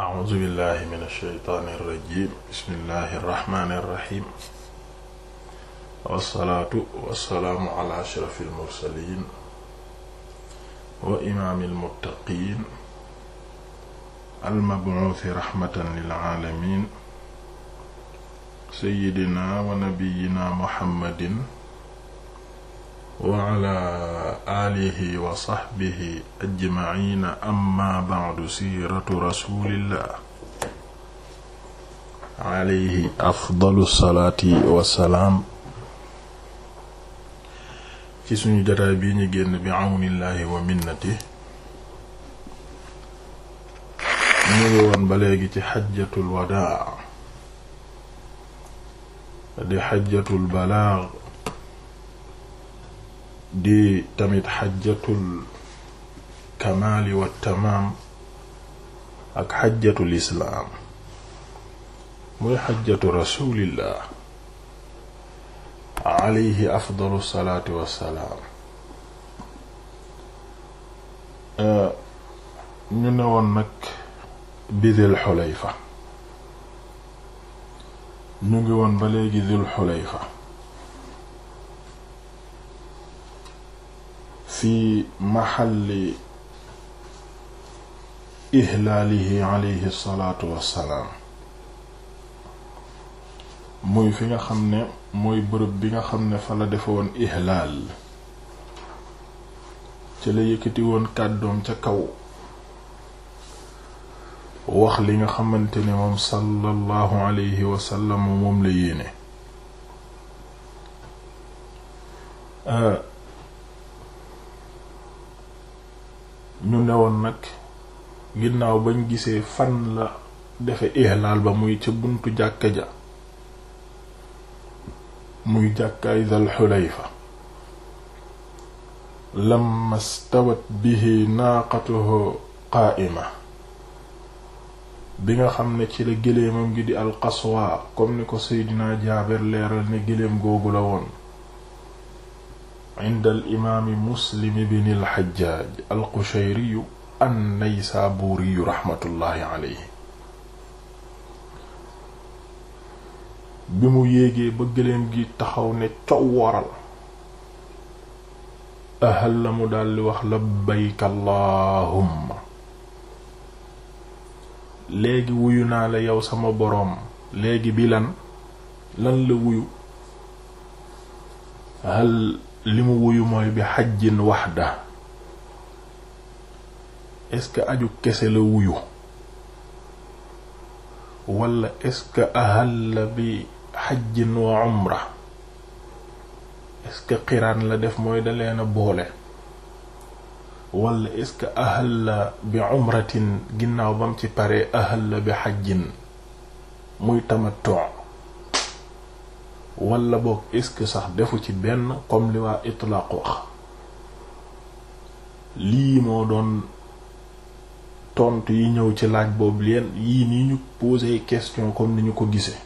a'uuzu billahi min ash-shaytaani irrajim bismillahi irrahmani irrahim wassalaatu wassalaamu ala ashrafi almursalin wa imaami almuttaqiin almabcuusi raxmatan lilaalamin sayidina wa nabiyina muhammadin wa ala alihi wa sahbihi ajmaina amma ba'du siiratu rasulillah alayhi afdalu salaati wassalaam ci suñu jataay bii ñu génn bi awnillahi wa minnati ñu ngi woon ba léegi ci xajjatul wadaa di xajjatul balaag di tamit xajjatul kamaali wa tamaam ak xajjatul islaam muy xajjatu rasulillah alayhi afdalu salaatu wassalaam ñu ne woon nag bi dil xulayfa ñu ngi woon ba léegi dil xulayfa fi maxalli ihlaalihi alayhi salaatu wassalaam muy fi nga xam ne mooy bërëb bi nga xam ne fa la defe woon ihlaal ci la yëkkati woon kàddoom ca kaw wax li nga xamante ne moom sallallahu alayhi wasallam moom la yéene euh, ñu newoon nag ginnaaw bañ gisee fan la defe ihlaal ba muy ca buntu jàkka ja muy jàkkaay Dal Xulayfa lamma stawat bihi naaqatuhu qaa'ima bi nga xam ne ci la géléemam gi di alqaswa comme ni ko Seydina Jaabir leeral ne géléem googu la woon inda al imaami muslim ibn al xajjaaj al qushayriyu bi mu yéegee ba gëléem gi taxaw ne cow mu daldi wax labbayka allahumma léegi wuyu naa la yow sama boroom léegi bi lan lan la wuyu hal limu wuyu mooy bi xajjin waxda est-ce que aju kese la wuyu wala est-ce que bi xajjin wa umra est-ce que qiraan la def mooy da leen a boole wala est-ce que bi umratin ginnaaw bam ci paree ahalla bi xajjin muy tamattu wala boog est-ce que sax defu ci benn comme li waa itlaaq wax lii moo doon tontu yi ñëw ci laaj boobu leen yii nii ñu poser question comme ni ñu ko gisee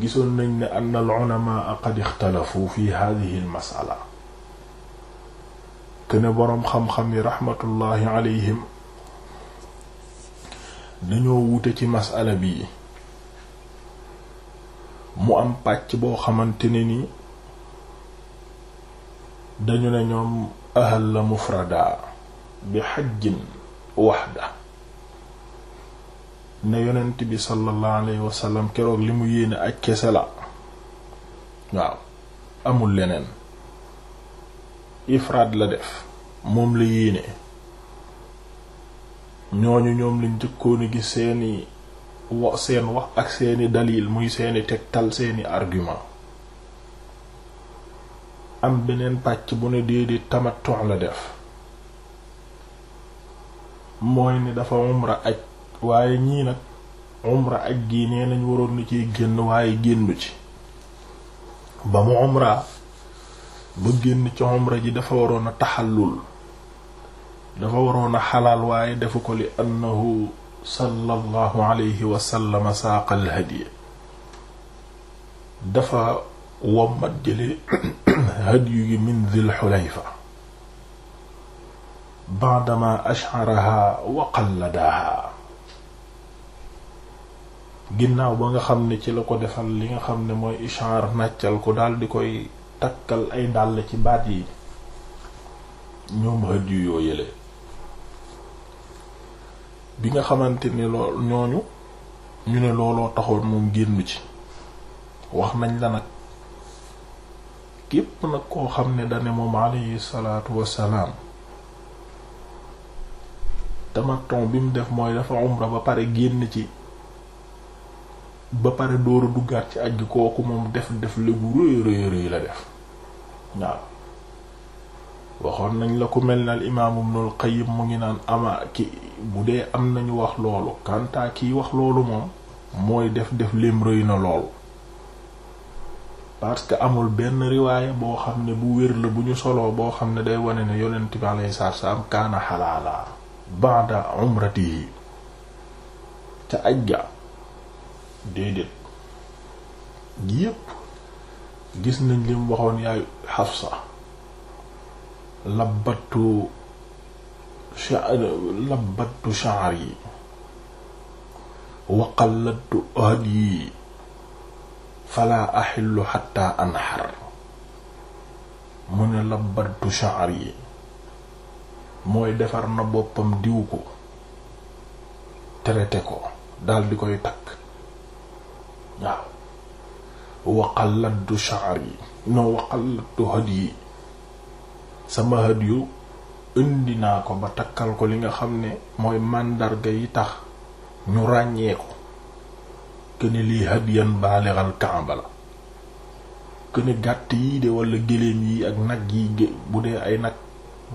gisoon nañ ni ann al ulama qad ixtalafu fi hadhihi al mas'ala kene boroom xam-xam yi raxmatullahi alayhim dañoo wute ci mas'ala bii mu am pàcc boo xamante ne ni dañu ne ñoom ahal la mufrada bi xajjin waxda ne yonent bi sallallahu alayhi wasallam keroog li mu yéene aj kese la waaw amul leneen ifraad la def moom la yéene ñooñu ñoom lañ jëkkoon gi seeni wa seen wax ak seeni dalil muy seeni tegtal seeni argument am beneen pàcc bu ne di tamattu la def mooy ni dafa umra aj waaye ñii nag umra ak gii nee nañ waroon na ciy génn waaye génnu ci ba mu umra ba génn ci umra ji dafa waroon a taxallul dafa waroon a xalaal waaye defu ko li annahu sallallahu alayhi wa sallam saaqal dafa wommat jële hadiyu gi min Dhil Hulayfa ba'dama ash'araha wa qalladaha ginnaaw ba nga xam ne ci la ko defal li nga xam ne mooy ishaar nàccal ko daal di koy takkal ay dàll ci baat yi ñoom hadiyu yoo bi nga xamante ni lool ñooñu ñu ne looloo taxoon moom génn ci wax nañ la nag képp nag koo xam ne dane moom alayhi salaatu wassalaam tamaton bi mu def mooy dafa umra ba pare génn ci ba pare dóoru duggaat ci aj gi kooku moom def def lébu rëy rëy rëy la def waaw waxoon nañ la ku mel ne al imaam Ibnul mu ngi naan ama ki bu dee am nañu wax loolu kantaa kiy wax loolu moom mooy def def lim rëy na lool parce que amul benn riwaaya boo xam ne bu wér la bu ñu soloo boo xam ne day wane ne yonent bi alayhi salaatu salaam kaana xalaala ba'da umratihi ca aj ga déedéet yépp gis nañ lim waxoon yaay Xafsa labbattu labbattu shaar yi wa qallattu hadyi fala axillu xatta anxar mu ne labbattu shaar yi mooy defar na boppam diw ko traité ko dal di koy takk waaw wa qallattu shaar yi non wa qallattu hadyi sama hadiyu indi naa ko ba takkal ko li nga xam ne mooy màndarga yi tax ñu ràññee ko këne lii hadiyan yan Kaaba la këne gàtt yii de wala géléem yi ak nag yi bu dee ay nag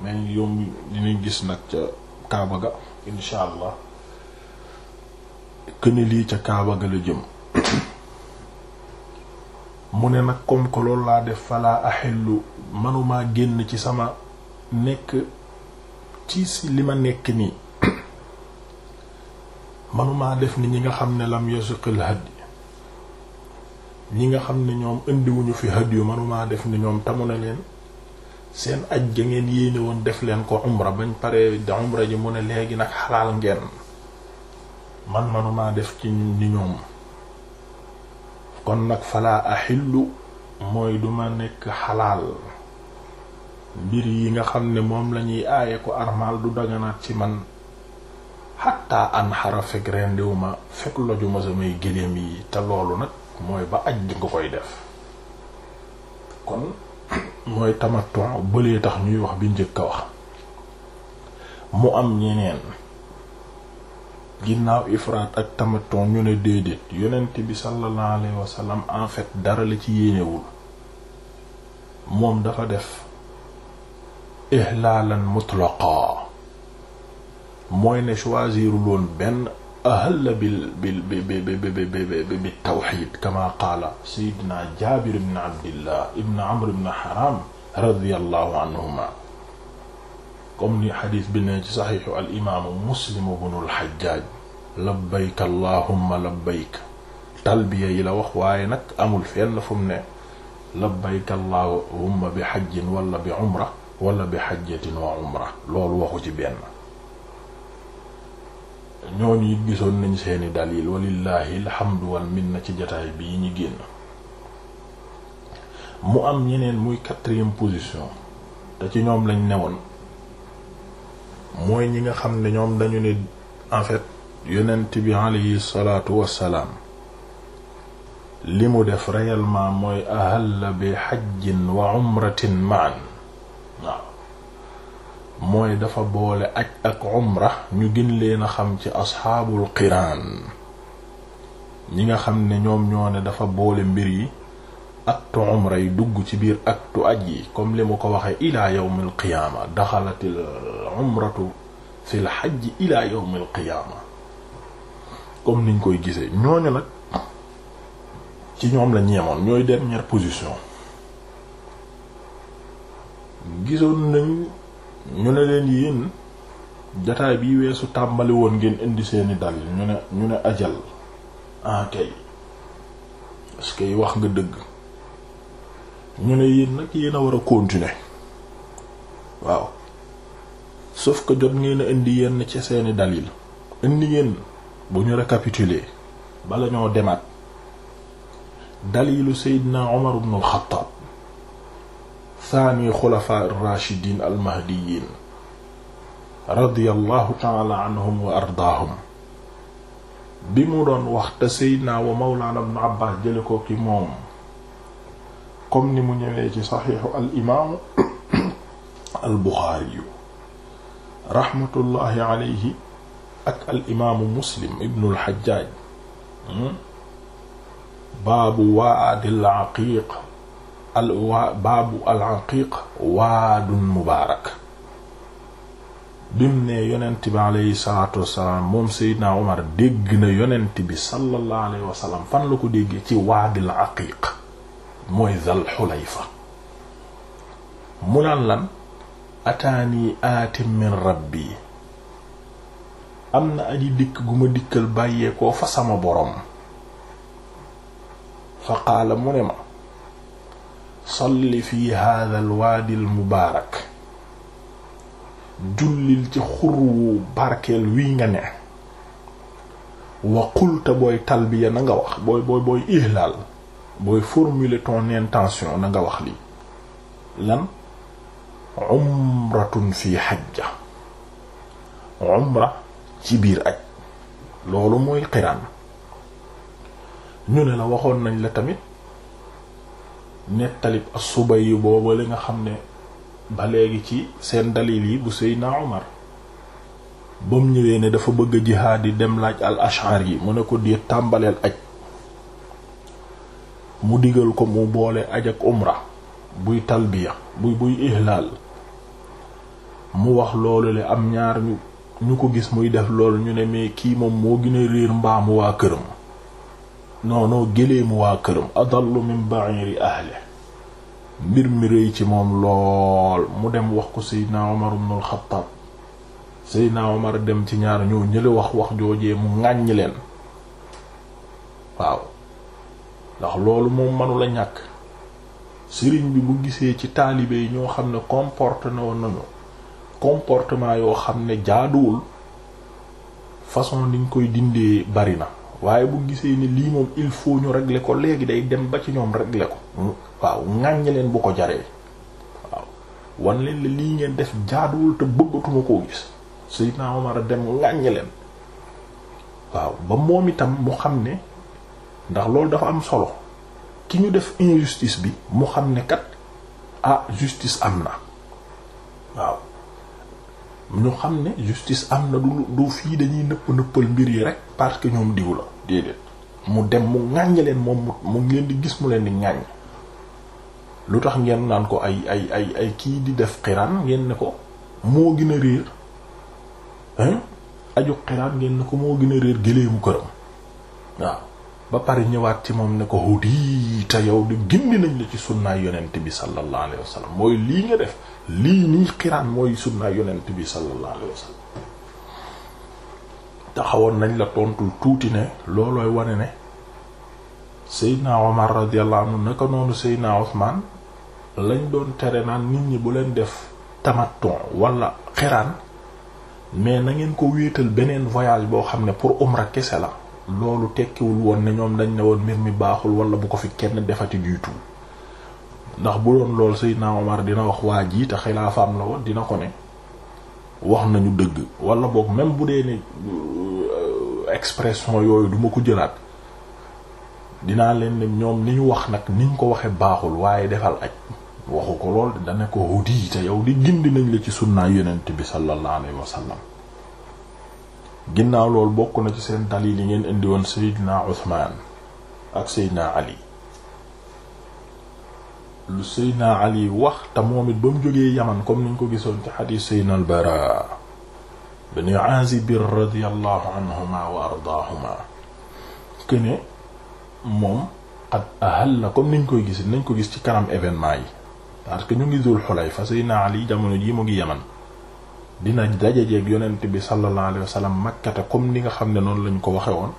mais yomb dinañ gis nag ca Kaaba ga incha allah lii ca Kaaba ga la jëm mu ne nag comme que loolu laa def fala axillu manuma génn ci sama nekk ci si li ma nekk nii manuma def ni ñi nga xam ne lam yasuqil hadi ñi nga xam ne ñoom indiwuñu fi hadi yu manuma def ni ñoom tamu na leen seen aj ga ngeen yéene def leen ko umra bañ paree da umra ji mu ne léegi nag xalaal ngeen man manuma def ci ni ñoom kon nag falaa axillu mooy duma nekk xalaal mbir yi nga xam ne moom lañuy aaye ko armal du daganaat ci man xatta anxara fekk rendiwuma fekk lojuma samay géléem yi te loolu nag mooy ba aj nga koy def kon mooy tamattu bëlee tax ñuy wax bi njëkk a wax mu am ñeneen ginnaaw ifraat ak tamaton ñu ne déedéet yonent bi sallallahu alayhi wa sallam en fait dara la ci yéenewul moom dafa def ihlaalan mutlaqa mooy ne choisirul woon benn ahalla bil bil bi bi bi bi tawxid kama qaala sayyidina jaabir ibn abdillah ibn amr ibn haram radiyallahu anhuma comme ni xadis bi ne ci saxiixu al imaamu muslim ibnul xajjaaj labbayk allahumma talbiya yi la wax waaye nag amul fenn fu mu ne labbayk bi xajjin wala bi umra wala bi xajjatin wa umra loolu waxu ci benn ñooñu it gisoon nañ seeni dalil walillahi alhamdu minna ci jataay bii ñu génn mu am ñeneen muy quatrième position te ci ñoom lañ newoon mooy ñi nga xam ne ñoom dañu ne en fait yonent bi alayhi salaatu wassalaam li mu def réellement mooy ahalla bi xajjin wa umratin maan mooy dafa boole aj ak umra ñu gën leen a xam ci asxaabul qiraan ñi nga xam ne ñoom ñoo ne dafa boole mbir yi aktu umra yi dugg ci biir aktu aj yi comme li mu ko waxee ilaa yawm al qiyaama daxalatil umratu fil hajj ila yawm al qiyaama comme niñ koy gisee ñooñu nag ci ñoom la ñeemoon ñooy dernière position gisoon nañ ñu ne leen yéen jataay bi weesu tàmbali woon ngeen indi seeni dal ñu ne ñu ne ajal ah kay parce wax nga dëgg ñu ne yéen nag yéen a war a continuer waaw sauf que jot ngeen indi yenn ci seeni dalil indi ngeen bu ñu récapituler bala ñoo demaat dalilu Seydina Omar ibn al-Khattab thani xulafa ar-rashidin al-mahdiyyin radiyallahu ta'ala anhum wa ardaahum bi mu doon wax te Seydina wa mawlana ibn Abbas jële ko ki moom comme ni mu ñëwee ci saxiixu al imaamu al buxaari yu rahmatullahi alayhi ak al imaamu muslim ibnul xajjaaj hmm? baabu waadil aqiiq al waa baabu al aqiiq waadun mubaarak bim ne yonent bi aleyhi salaatu wassalaam moom Seydina Omar dégg na yonent bi sallallahu alayhi wa sallam fan la ko déggee ci waadil aqiiq mooy zal fa mu naan lan ataani aatim min rabbi am na aji dikk gu ma dikkal bàyyeekoo fa sama boroom fa qaala mu ne ma salli fi hadha al waadi al mubaarak jullil ci xurwu barkeel wi nga ne wa qulta booy talbiya na nga wax booy booy booy ihlaal booy formuler ton intention na nga wax lii lan umratun fi hajja umra ci biir aj loolu mooy xiraan ñu ne la waxoon nañ la tamit nettalib as-Subay yu boobu li nga xam ne ba léegi ci seen dalil yi bu Seydina Umar ba ñëwee ne dafa bëgg a jihaad di dem laaj al Ash'ari yi mu ne ko di tàmbaleel aj mu digal ko mu boole aj ak umra buy talbiya buy buy ihlaal mu wax loolu le am ñaar ñu ko gis muy def lool ñu ne mais kii moom moo gën a réer mbaamu waa këram non non géléemu waa këram adallu min ba'iri ahli mbir mi rëy ci moom lool mu dem wax ko si Omar ibn al-Khattab Seydina dem ci ñaar ñoo ñële wax wax joojee mu ŋàññi leen waaw ndax loolu moom manula ñàkk sëriñ bi bu gisee ci taalibe ñoo xam ne comporte nañu comportement yoo xam ne jaaduwul façon niñ koy dindee bari na waaye bu gisee ni lii moom il faut ñu régler ko léegi day dem ba ci ñoom régler ko waaw ŋàññ leen bu ko jaree waaw wan leen la lii ngeen def jaaduwul te bëggatuma koo gis Seydina Omar dem ŋàññ leen waaw ba moom itam mu xam ne ndax loolu dafa am solo ki ñu def injustice bi mu xam ne kat a ah, justice am na waaw ñu xam ne justice am na du fii dañuy nëpp nëppal mbir yi rek parce que ñoom diw la déedéet mu dem mu ŋàññ leen moom mu ngeen di gis mu leen di ŋàññ lu tax ngeen naan ko ay ay ay ay kii di def xiraan ngeen ne ko moo gën a réer hein aju xiraan ngeen ne ko moo gën a réer géléemu këram waaw ba pare ñëwaat ci moom ne ko hudi te yow di gindi nañ la ci sunnaay yonent bi sallallahu alayhi wa mooy lii nga def lii nii xiraan mooy sunnaay yonent bi sallallahu alayhi taxawoon nañ la tontul tuuti ne loolooy wane ne Seydina Omar radiyallahu naka noonu Seydina Ousmane lañ doon tere naan nit ñi bu leen def tamaton wala xiraan mais na ngeen ko wéetal beneen voyage boo xam ne pour umra kese la loolu tekkiwul woon ne ñoom dañ ne woon mbir mi baaxul wala bu ko fi kenn defati du tout ndax bu doon lool Seydina Omar dina wax waa jiita ji te xilaafaam la woon dina ko ne wax nañu dëgg wala boog même bu dee ne euh, expression yooyu duma ko jëlaat dinaa leen ne ñoom li ñu wax nag niñ ko waxee baaxul waaye defal ak waxu ko lool dana ko hudi te yow di gindi nañ la ci sunnaay yonent bi sallallahu alayhi wa sallam ginnaaw loolu bokk na ci seen dalil yi ngeen indi woon Seydina Usmaan ak Seydina Ali lu Seydina Ali wax te moom it ba mu Yaman comme niñ ko gisoon ci xadiis Seydina al-Baraa bin Aazib radiyallahu anhuma wa ardaahuma këne moom qad ahalla comme niñ koy gis nañ ko gis ci kanam événement yi parce que ñu ngi Dul Xulayfa Seydina Ali jamono ji mu ngi Yaman dina dajajeeg yonent bi sallallahu alayhi wa sallam makkata comme ni nga xam ne noonu lañ ko waxe woon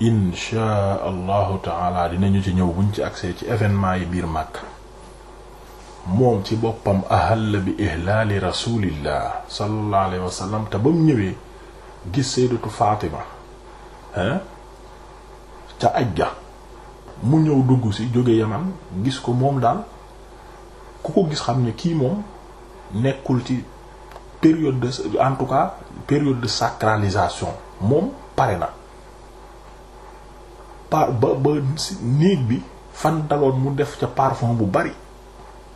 inchaa allahu taala dinañu ci ñëw buñ ci accès ci événement yi biir màkk moom ci boppam ahalla bi ihlaali rasulillah sallallahu alayhi wa sallam te bam ñëwee gis sayyidatu Fatima hein ca ajja mu ñëw dugg ci jóge Yaman gis ko moom daal ku ko gis xam ne kii moom nekkul ci période de tout cas période de sacralisation moom pare na par ba ba néeg bi fan daloon mu def ca parfum bu bari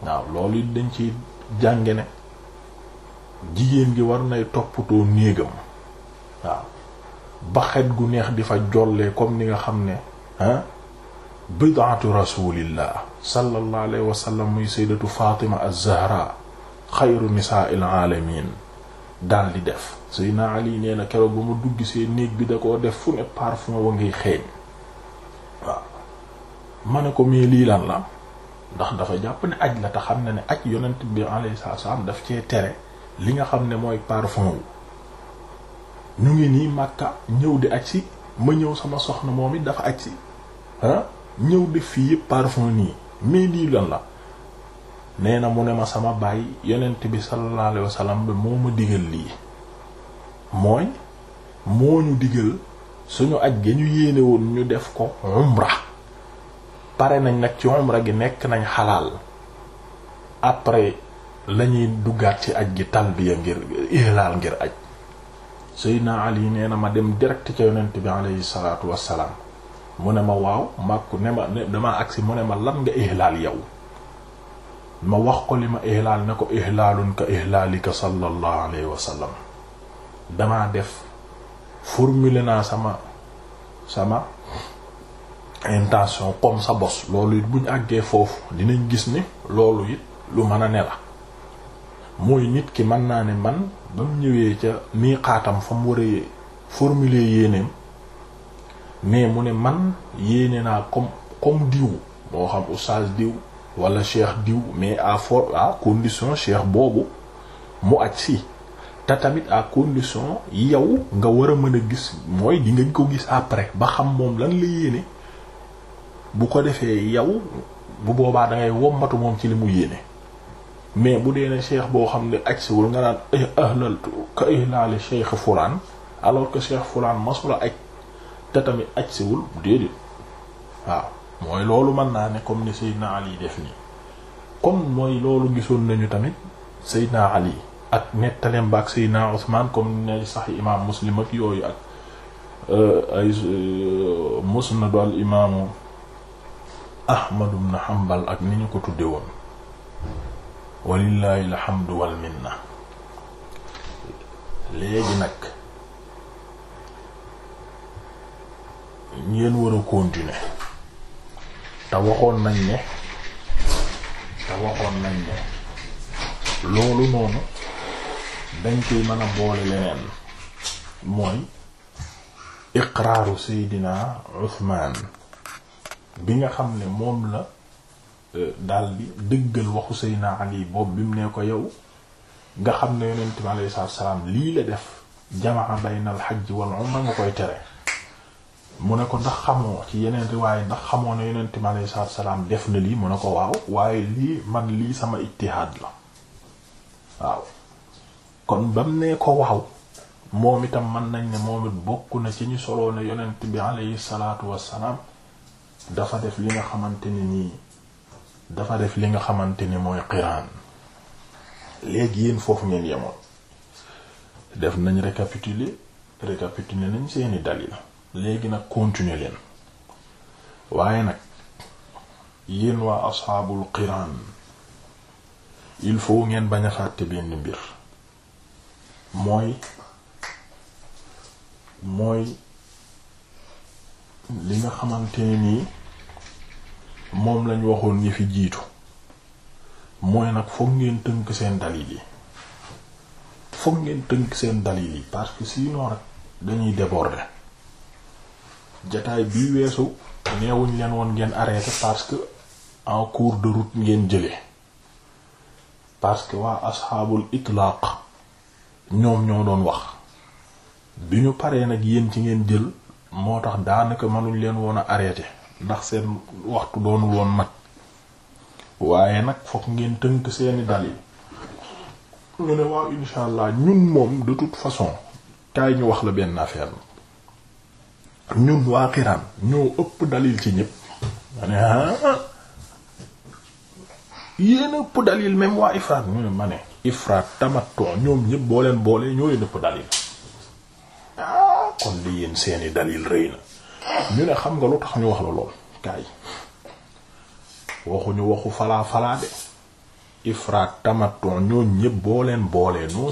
waaw loolu dañ ci jànge ne jigéen gi war nay toppatoo néegam waaw baxet gu neex di fa jollee comme ni nga xam ne ah bidaatu rasulillah sallallahu alayhi wa sallam muy sayyidatu Fatima az xayru nisaa'il alamin daal di def Seydina Ali nee na keroog ba mu dugg seen néeg bi da koo def fu ne parfum wa ngiy xeeñ waaw ma ne ko mais lii la ndax dafa jàpp ne aj la te xam ne ne aj yonent bi alayhi salaam daf cee tere li nga xam ne mooy parfum wu ñu ngi nii Makka ñëw di aj si ma ñëw sama soxna moom it dafa aj si ah, ñëw def fii yëpp parfum nii mais lii la nee na mu ne ma sama baay yonent bi sallallahu alayhi wasallam bi moo ma digal lii mooy moo ñu digal suñu aj ga ñu yéene woon ñu def ko umra pare nañ nag ci umra gi nekk nañ xalaal après lañuy duggaat ci aj gi talbiya ngir ihlaal ngir aj Seydina Ali nee na ma dem direct ca yonent bi alayhi salaatu wassalaam mu ne ma waaw màkku ne ma dama agsi mu ne ma lan nga ihlaal yow ma wax ko li ma ihlaal ne ko ihlaalun ka ihlaalika sallallahu alayhi wa sallam damaa def formuler naa sama sama intention comme sa bos loolu it buñ àggee foofu dinañ gis ni loolu it lu mën a ne la mooy nit ki mën naa ne man ba mu ñëwee ca mii xaatam fa mu war a formuler yéeneem mais mu ne man yéene naa comme comme diw moo xam oustaz diw wala cheikh diw mais à for à condition cheikh boobu mu aj si te tamit a condition yow nga war a mën a gis mooy di nga ko gis après ba xam moom lan la yéene bu ko defee yow bu boobaa da ngay moom ci li mu yéene mais bu dee ne cheikh boo xam ne aj siwul nga naan eh, ahlaltu ka ihlali cheikh fulaan alors que cheikh fulaan masula aj te tamit aj siwul déedéet waaw mooy loolu mën naa ne comme ni Seydina Ali def nii comme mooy loolu gisoon nañu tamit Seydina Ali ak nettaleem ba ak Seydina Usmaan comme ne sax imaam Muslim ak yooyu ak euh, ay euh, musnadu al imaamu Ahmad ibn ak ni ñu ko tudde woon walillahi alhamdu wal minna léegi nag ngeen war a te waxoon nañ ne te waxoon nañ ne loolu noonu dañ koy mën a boole leneen mooy iqraaru seydina Usmaan bi nga xam ne moom la euh, daldi dëggal waxu seydina Ali boobu bi mu ne ko yow nga xam ne yonent bi alayhi salaam lii la def jamaa bayna al hajj wal umra nga koy tere mu ne ko ndax xamoo ci yeneen riwaay ndax xamoo ne yonent mi alayhi salaatu def na lii mu ne ko waaw waaye lii man lii sama ijtihaad la waaw kon bam nee ko waaw moom itam mën nañ ne moom it bokk na ci ñu soloo ne yonent bi alayhi salaatu wassalaam dafa def li nga xamante ni nii dafa def li nga xamante ni mooy qiraan léegi yéen foofu ngeen yemoon def nañ récapituler récapituler nañ seeni dalil léegi nag continuer leen waaye nag yéen waa asxaabul qiraan il faut ngeen bañ a fàtte benn mbir mooy mooy li nga xamante nii moom lañ waxoon ñi fi jiitu mooy nag foog ngeen tënk seen dalil yi foog ngeen tënk seen dalil yi parce que sinon rek dañuy déborder jataay bii weesu neewuñ leen woon ngeen arrêté parce que en cours de route ngeen jële parce que waa asxaabul itlaaq ñoom ñoo doon wax bi ñu paree nag yéen ci ngeen jël moo tax daanaka mënuñ leen woon a arrêté ndax seen waxtu doonul woon mat waaye nag fokk ngeen tënk seeni dal yi ñu ne waaw incha allah ñun moom de toute façon kaay ñu wax la benn affaire ñun waa Qiraan ñoo ëpp dalil ci ñëpp ma ne ah, ah yéen ëpp dalil même waa ifraat ñu ne ma ne ifraat tamattu ñoom ñëpp boo leen boole ñoo leen ëpp dalil ah, kon li yéen seeni dalil rëy na ñu ne xam nga lu tax ñu wax la lool kaay waxuñu waxu falaa falaa de ifraat tamattu ñoom ñëpp boo leen boole non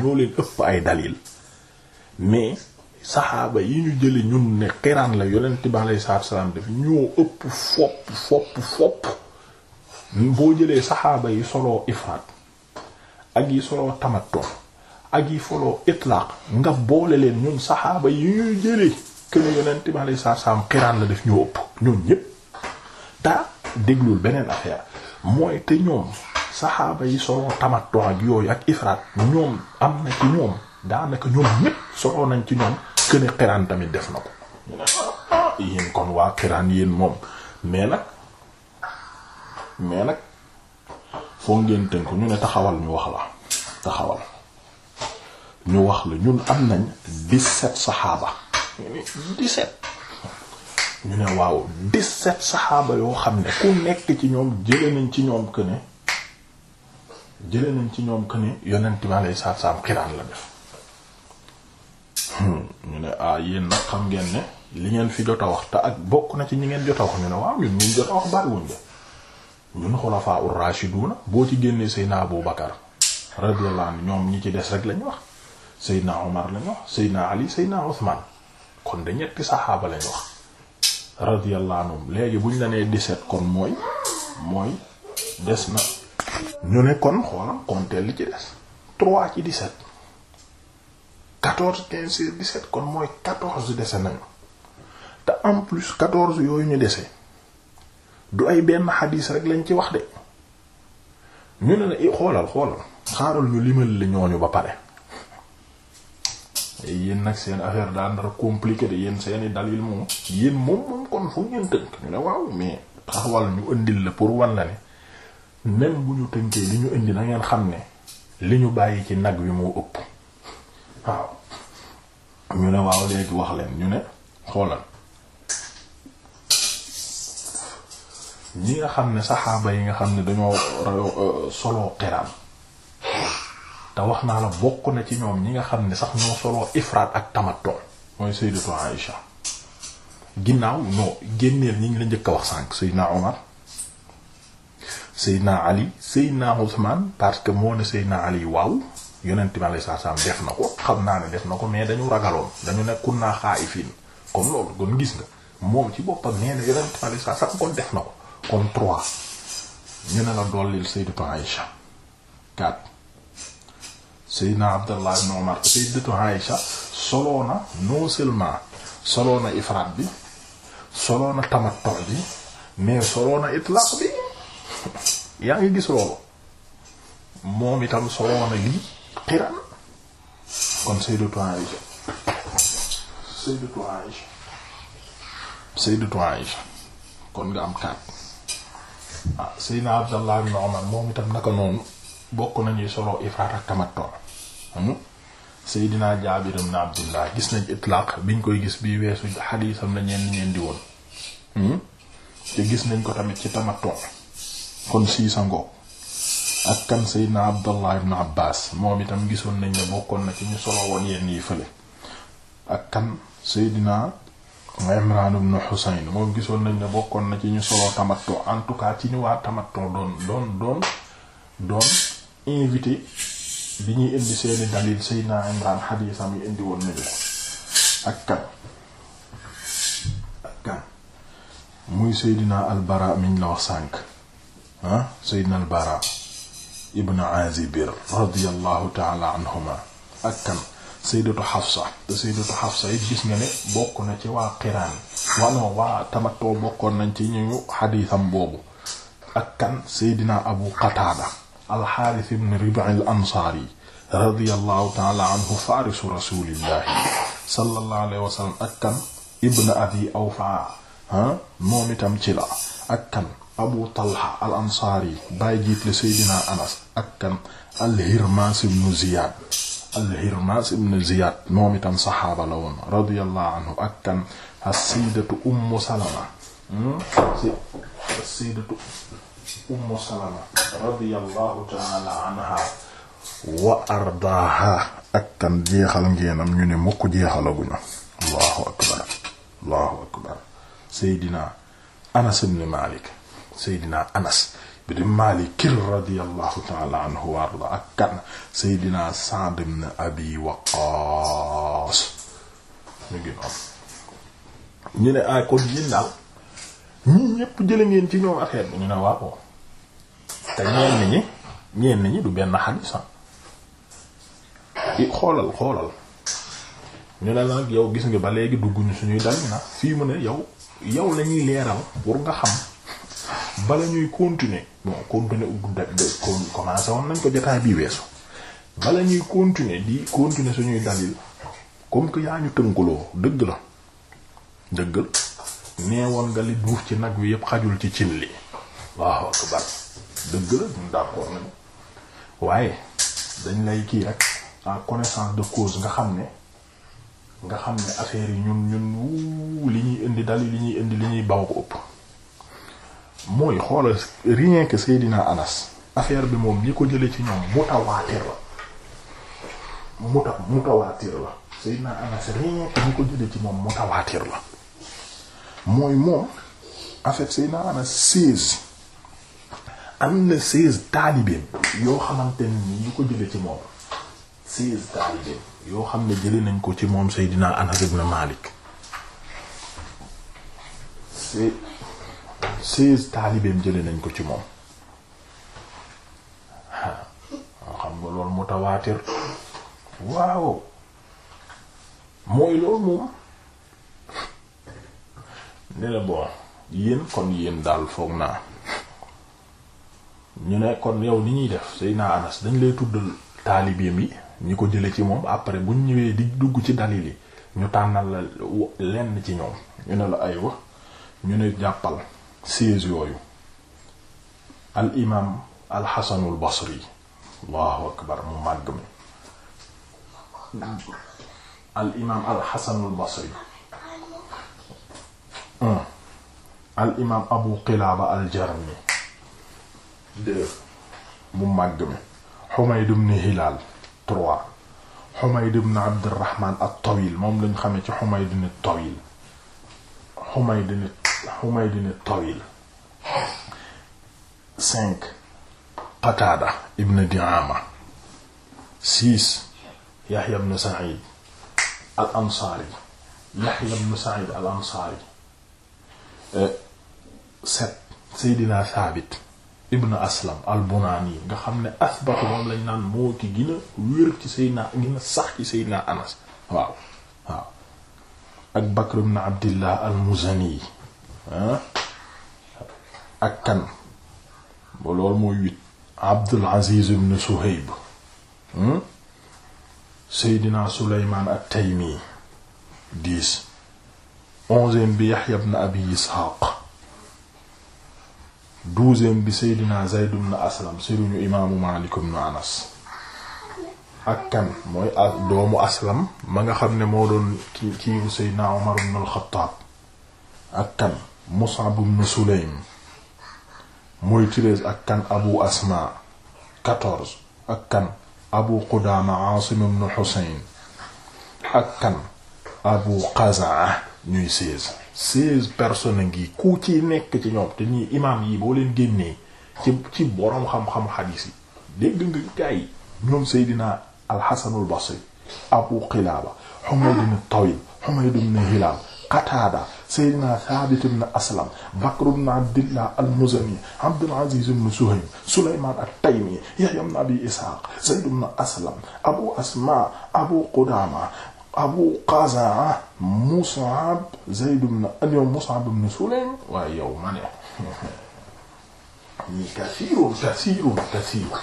ñoo leen ëpp ay dalil mais saxaaba yi ñu jële ñun ne xiraan la yonent bi alayhi salaatu salaam def ñoo ëpp fopp fopp fopp boo jëlee saxaaba yi solo ifraat ak yi soloo tamattu ak yi folo itlaaq nga boole leen ñun saxaaba yi ñu jële kene yonent bi alayhi salaatu salaam xiraan la def ñoo ëpp ñun ñépp beneen affaire mooy yi soloo tamattu ak yooyu ak ifraat ci ñoom daanaka ñoom ñépp soloo nañ ci ñoom que ne xiraan tamit def na ko yéen kon waa xiraan yéen mais nag mais nag foo ngeen tënk ñu ne taxawal ñu wax la ñu wax la ñun am nañ dix-sept saxaaba ñu ne waaw dix-sept saxaaba yoo xam ne ku nekk ci ñoom jële nañ ci ñoom que ne ci ñoom que ne yonent bi alayhi salaam xiraan la def Hmm. ñu ne ah yéen nag xam ngeen ne li ngeen fi jot a wax te ak bokk na ci ñi ngeen jot a wax ñu ne waaw ñun ñu jot a wax bariwuñ ko ñun xulafaa ur rashiduna boo ci génnee Seydina Abu Bakar radiyallahu ñoom ñi ci des rek lañu wax Seydina Omar lañ wax Seydina Ali seyna Othman kon de ñetti saxaaba lañ wax radiyallahu anhum léegi buñ la nee 17 kon mooy mooy des na ñu ne kon xoolal compter li ci des 3 ci 17. quatorze quinze seize dix-sept kon mooy quatorze dese nañu te en plus quatorze yooyu ñu dese du ay benn xadiis rek lañ ci wax de ñu ne la eh, xoolal xoolal xaaral ñu limal li ñooñu ba pare eh, yéen nag seen affaire daan dara compliquer de yéen seeni dalil moom yéen moom moom kon fu ngeen tënk ñu ne waaw mais taxawal ñu indil la pour wan la ne même bu ñu tënkee li ñu indi na ngeen xam ne li ñu bàyyi ci nag wi moo ëpp waaw ñu ne waaw léegi wax leen ñu ne xoolal ñi nga xam ne saxaaba yi nga xam ne dañoo euh, solo xiraan te wax naa la bokk na ci ñoom ñi nga xam ne sax ñoo soloo ifraat ak tamattu mooy sayyidatu Aïsha ginnaaw noo génneel ñi ngi la njëkk a wax sànq sayyidna Umar naa Ali sayyidna Usman parce que moo ne sayyidna Ali waaw yonent bi alayhi def na ko xam naa ne def na ko mais dañu ragaloon dañu ne kunna xaa'ifiin comme loolu kon gis nga moom ci boppam nee na yonent bi alayhi kon def na ko kon trois ñu ne la dollil sayyidatu Aïcha quatre sayyidina Abdallah ibn Umar sayyidatu Aïcha soloo na non seulement soloo na ifraat bi soloo na tamattu bi mais soloo na bi yaa ngi gis loolu moom itam soloo lii xiran kon sayyidatu Aisha sayyidatu Aisha sayyidatu Aisha kon nga am kaat ah sayyidina Abdallah ibn Umar moom itam naka noonu bokk nañuy solo ifraat ak tamattu amu hmm? sayyidina Jaabir ibn Abdullah gis nañ itlaaq biñ koy gis bii weesu xadiisam la ñeen ñeen di woon hmm? te gis nañ ko tamit ci tamattu kon sii sa ak kan sayyidna abdallah ibn abbas moom itam gisoon nañ ne bokkoon na ci ñu solo woon yenn yi fële ak kan sayyidna imran ibn husayn moom gisoon nañ ne bokkoon na ci ñu solo tamattu en tout cas ci ñu waa tamattu doon doon doon doon invité bi ñuy indi seeni dalil sayyidna imran xadiisam yi indi woon nañu ko ak kan muy sayyidna al bara miñ la wax sànk ah sayyidna ibn azibir radiallahu taala anhuma ak kan saydatu xafsa it gis nga ne bokk na ci waa qiraan wanoo waa tamattoo bokkoon nañ ci ñu xadiisam boobu ak kan saydina abu qataada alxaaris ibn ribi al ansaari radiallahu taala anhu farisu rasulillahi sallallahu alayhi wa abi awfa ah, moom itam ci la abu talha al ansaari bàyyi jiit la seydina anas ak kan al hirmas ibnu ziyad al hirmas ibnu ziyad moom itam saxaaba la woon radiyallahu anhu ak kan al seydatu ummu salama al hmm? seydatu ummu salama radiyallahu ta'ala anha wa ardaaha ak kan jeexal ngeenam ñu ne mukk jeexalaguñu allahu akbar allahu akbar seydina anas ibn malik seydina anas bi di maalikir radiallahu taala anhu wa arda ak kan seydina Sa'd ibn abi waqaas ñu ngi noonu ñu ne ay ci ñoom affaire bi ñu ne waaw te ñeen ñi ñeen ñi du benn xadiis ah. xoolal xoolal ñu ne nag yow gis nga ba léegi dugguñu suñuy dal ah. fii mu ne yow yow lañuy leeral pour nga xam bala ñuy continuer bon continuer ou commencé woon nañ ko jotaay bii weesu bala ñuy continuer di continuer suñuy dalil comme que yaa ñu tënkuloo dëgg la dëgg la nee woon nga ci nag wi yëpp xajul ci cin li waaw akbar dëgg waaye dañ lay kii rek en connaissance de cause nga xam ne nga xam ne affaire yi ñun ñun li ñuy indi dalil li ñuy indi li ñuy baw ko ëpp mooy xoola rien que Seydina Anas affaire bi moom li ko jële ci ñoom mutawaatir la muta mutawaatir la Seydina Anas rien que ko jële ci moom mutawaatir la mooy moom en fait Seydina Anas seize am na seize taalibeem yoo xamante ni ci moom yoo xam ne jële nañ ko ci moom Seydina Anas ibn seize taalibeem jële nañ ko ci moom waaw ah, xam nga loolu mutawaatir waaw mooy loolu moom ne la bon yéen kon yéen daal foog naa ñu ne kon yow ni ñuy def Seydina Anas dañ lay tuddal taalibeem yi ñu ko jële ci moom après bu ñu ñëwee di dugg ci dalil yi ñu tànnal la lenn ci ñoom ñu ne la aywa ñu ne jàppal seize yooyu al imaam al xasanul basri allahu akbar mu màgg mi al imaam al xasanul basri un al imaam abu qilaaba al jarmi deux mu màgg mi xumayd ibn hilaal trois xumayd ibn abdurrahmaan at tawil moom lañ xamee ci xumayd ibn tawil Humayd Humayd Tawil cinq Qataada ibn Di'aama six Yahya ibn Sa'id al-Ansaari Yahya ibn Sa'id al-Ansaari eh, sept Seydina Saabit ibn Aslam al-Bunaani nga xam ne asbatu moom lañ naan moo ki gën a wér ci Seydina gën a sax ci Seydina Anas waaw ak Bakr ibn Abdillah al-Muzani ak kan ba loolu mooy huit Abdul Aziz ibn Suhayb Seydina Suleymaan at-Taymi dix onzième bi Yahya ibn Abi Isxaaq douzième bi Seydina Zayd ibn Aslam sëriñu imaamu Maalik ibn Anas ak kan mooy doomu aslam ma nga xam ne moo doon ki kiiwu Seydina Umar ibn al ak kan Mus'ab ibn Sulaym mooy treize ak kan Abu Asma quatorze ak kan Abu Qudama Asim ibn Husayn ak kan Abu Qaza'a ñuy seize seize personne ngi ku ci nekk ci ñoom te ñuy imaam yi boo leen génnee ci ci boroom xam-xam xadiis dégg nga gaa yi ñoom Seydina alxasanul basri abu qilaaba xumayd ibn tawil xumayd ibn hilaal qataada seydina thabit ibn aslam bakr ibn abdillah almuzani abdul aziz ibn suhaym suleymaan at-taymi yahya ibn abi ishaq zayd ibn aslam abu asma abu qudaama abu qazaa mus'ab zayd ibn yow mus'ab ibn sulaym waaye yow ma ne kasiirun kasiirun kasiirun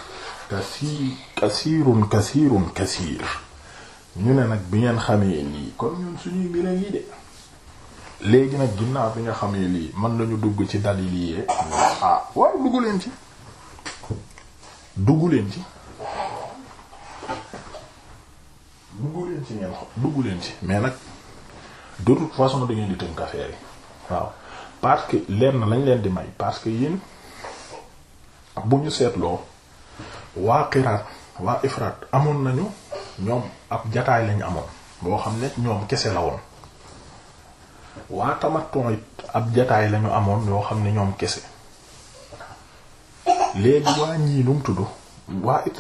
kasi kasirun kasirun kasir ñu ne nag bi ngeen xamee lii kon ñun suñuy mbir a de léegi nag ginnaaw bi nga xamee lii man lañu dugg ci dalil yi ah waaw dugg leen ci dugg leen ci dugg leen dugg leen ci mais nag de toute façon da ngeen di tënk waaw parce que leer na lañ leen di may parce que yéen bu ñu seetloo. waa qiraat waa ifraat amoon nañu ñoom ab jataay lañu amoon boo xam ne ñoom kese la woon waa tamattu it ab jataay lañu amoon yoo xam ne ñoom kese léegi waa ñii num tudd waa it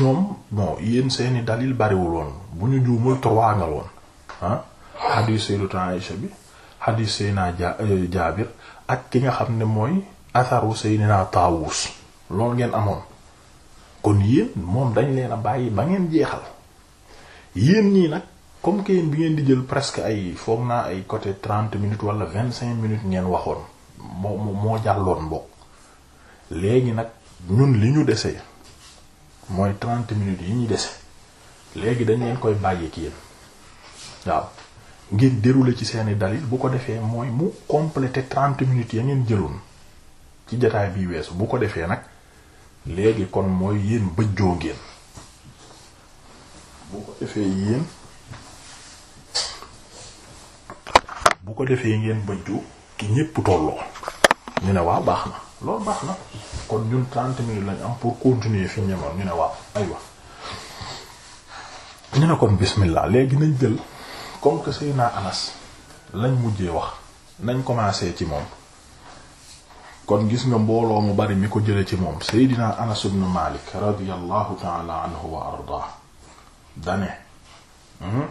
ñoom bon yéen seeni dalil bariwul woon bu ñu juumul trois nga woon ah hadith sayyidatu bi hadith sayyidina euh, Jaabir ak ki nga xam ne mooy atharu naa Taawus loolu ngeen amoon kon yéen moom dañ leen a bàyyi ba ngeen jeexal yéen nii nag comme que bi ngeen di jël presque ay foog naa ay côté trente minutes wala vingt cinq minutes ngeen waxoon moo moo jàlloon mbokk léegi nag ñun li ñu desee mooy trent minutes yi ñu dese léegi dañ leen koy bàyyi ak yéen waaw ngeen dérouler ci seeni dalil bu ko defee mooy mu compléter trente minutes ya ngeen jëloon ci jotaay bi weesu bu ko defee nag. léegi kon mooy yéen bëjjoo ngeen bu ko defee yéen bu ko defee ngeen bëjjoo ki ñépp tolloo ñu ne waaw baax na loolu baax na kon ñun trente minutes lañ am pour continuer fi ñemoon ñu ne waaw aywa ñu ne kon bismillah léegi nañ jël comme que Seydina Anas lañ mujjee wax nañ commencer ci moom kon gis nga mbooloo mu bari mi ko jële ci moom seydina anas ibn malik radiyallahu taala anhu wa ardaa dane hmm?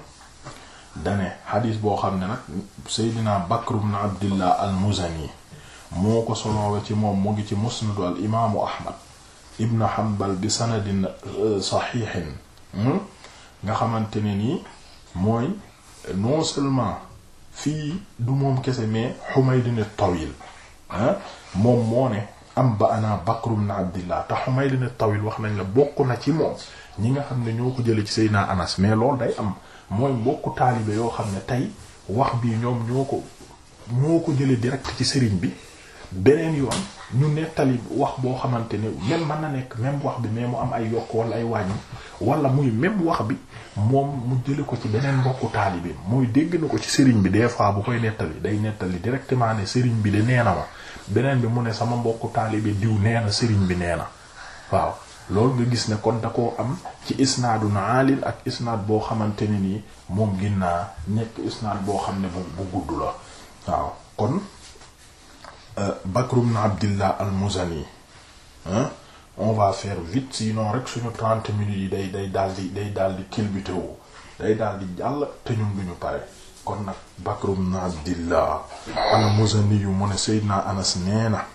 dane xadiis boo xam ne nag seydina bakr ibn abdillah al moo ko soloowe ci moom mu ngi ci musnadu al ahmad ibn hanbal bi sanadin euh, saxiixin hmm? nga xamante ne nii mooy non seulement fii du moom kese mais xumaydin tawil ah moom moo ne am ba ana Bakr ibn Abdillah te Humayl ibn Tawil wax nañ la bokk na ci moom ñi nga xam ne ñoo ko jëlee ci Seydina Anas mais loolu day am mooy mbokku taalibe yoo xam ne tey wax bii ñoom ñoo ko ñoo ko jëlee direct ci sëriñ bi beneen yoon ñu nettali wax boo xamante ne même mën na nekk même wax bi mais mu am ay yokk wala ay wàññi wala muy même wax bi moom mu jële ko ci beneen mbokku taalibe mooy dégg na ko ci sëriñ bi des fois bu koy nettali day nettali directement ne sëriñ bi de nee na ma beneen bi mu ne sama mbokku taalibe diw nee na sëriñ bi nee na waaw loolu nga gis ne kon da koo am ci isnaadu naalin ak isnaad boo xamante ne nii moom ginnaa nekk isnaad boo xam ne bu gudd la waaw kon euh, Bakr na Abdillah al-Muzani on va faire vite sinon rek suñu trente minutes yi day day daal di day daal di kilbitewu day daal di jàll te duñu pare kon nag Bakr ibn Abdillah al-Muzani yu mu ne Seydina Anas nee na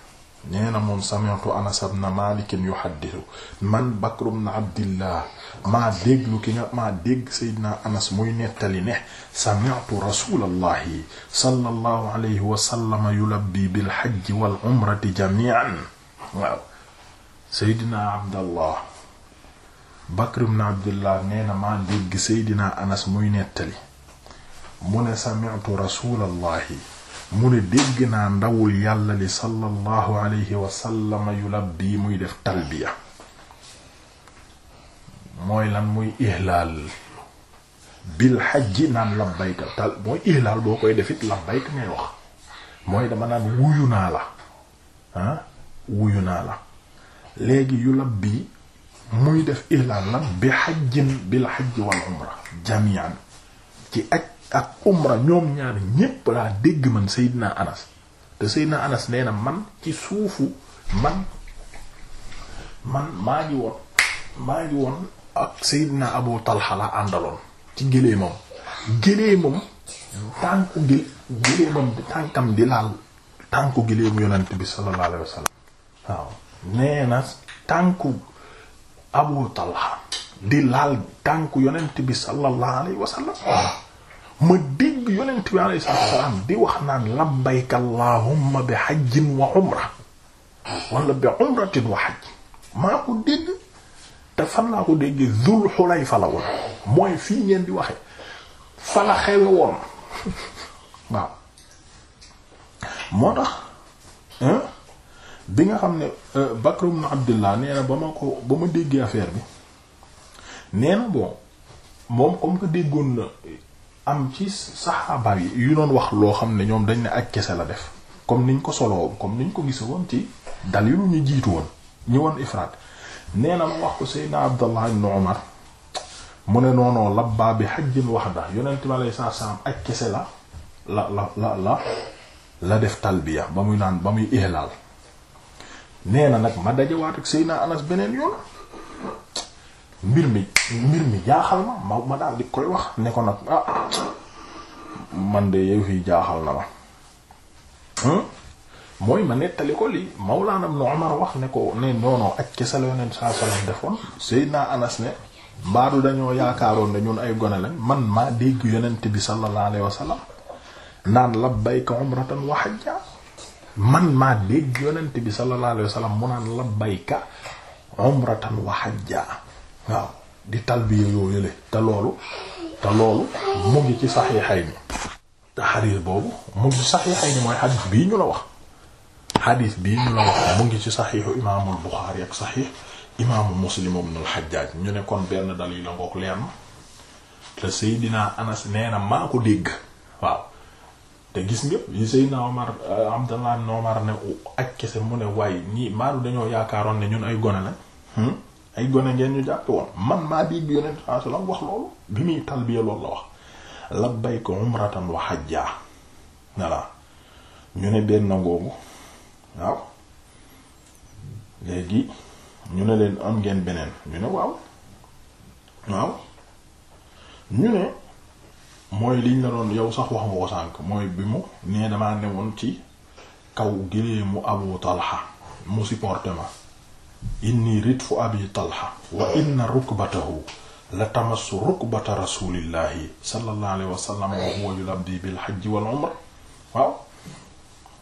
nee na moom sami'tu Anas ibn Malik yuhaddithu man Bakr ibn Abdillah maa déglu ki nga maa dégg Seydina Anas muy nettali ne sami'tu rasulallahi sallallahu alayhi wa sallam yulabbi bil hajji wal umrati jami'an waaw Seydina Abdallah Bakr ibn Abdillah nee na maa dégg Seydina Anas muy nettali mu ne sami'tu rasulallahi mu ne dégg naa ndawul yàlla li sallallahu alayhi wa sallam yulabbi muy def talbiya mooy lan muy ihlaal bil xajji naan labbayka tal mooy ihlaal boo koy defit labbayka ngay wax mooy dama naan wuyu naa la ah wuyu naa la léegi yulabbi muy def ihlaal lan bi xajjin bil xajji wal umra jami'an ci aj ak umra ñoom ñaar ñépp laa dégg man Seydina Anas te Seydina Anas nee man ci suufu man man maa ngi woon maa ngi woon ak Seydina Abu Talha la àndaloon ci géléemam géléemam tànku gil géléemam di tànkam di laal tànku géléemu yonent bi sallallahu alayhi tànku yonent bi sallallahu alayhi wasallam ma dégg yonent bi alayhi salaam di wax naan labbayka allahumma hajjin wa umra wala bi umratin wa maa ko dégg te fan laa ko déggee Zul Xulayfa la mooy fii ngeen di waxe fa xewe woon waaw moo tax bi nga xam ne euh, Bakr ibn Abdullah nee ba ma ko ba ma déggee affaire bi nee bon moom comme que déggoon na am ci saxaaba yi yu doon wax loo xam ne ñoom dañ ne ak kese la def comme niñ ko soloo comme niñ ko gisa woon ci dalilu ñu jiitu woon ñu woon ifraat nee na ma wax ko Seydina Abdallah ibn Umar mu ne noonoo labbaa bi hajjin wahda yonent mi alayhi salaatu salaam ak kese la la la la la la def talbiya ba muy naan ba muy ihlaal nee na nag ma dajawaat ak Seydina Anas beneen yoon mbir mi mbir mi jaaxal ma ma ma daal di koy wax ne ko nag ah man de yow fii jaaxal na ma hmm? mooy ma nettali ko lii Mawlaana Ibn Umar wax ne ko ne noonoo ak ca saloneen saa salon defoon Seydina Anas ne mbaadu dañoo yaakaaroon ne ay gone lañ man maa dégg yonent bi sallallahu alayhi wa sallam naan labbayka umratan wa man maa dégg yonent bi sallallahu alayhi wa sallam mu naan labbayka umratan wa waaw di talbiya yoo yële te loolu te loolu mu ngi ci saxiixayni te xadiis boobu mu ngi ci saxiixayni mooy xadiis bii ñu la wax xadiis bii ñu la wax mu ngi ci saxiixu imaamul Buxaari ak saxiix imaamu Muslim ibn al ñu ne kon benn dalil la ngoog leer na te Seydina Anas nee na maa ko dégg waaw te gis nga li Seydina Omar euh, Abdallah ibn Omar ne ak kese mu ne waaye ñii maalu dañoo yaakaaroon ne ñun ay gone la hmm? ay gone ngeen ñu jàppe woon man maa dégg yonent saa sallam wax loolu bi muy talbiya loolu la wax labbayka umratan wa hajja voilà ñu ne benn ngoogu waaw léegi ñu ne leen am ngeen beneen ñu ne waaw waaw ñu ne mooy liñ la yow sax wax nga ko sànk mooy bi mu nee damaa newoon ci kaw géléemu Abu Talha mu supporté inni ritfu abi talha wa inna rukbatahu la tamassu rukbata rasulillahi sallallahu alayhi wa sallam wa huwa yulabbi bil hajji wal umra waaw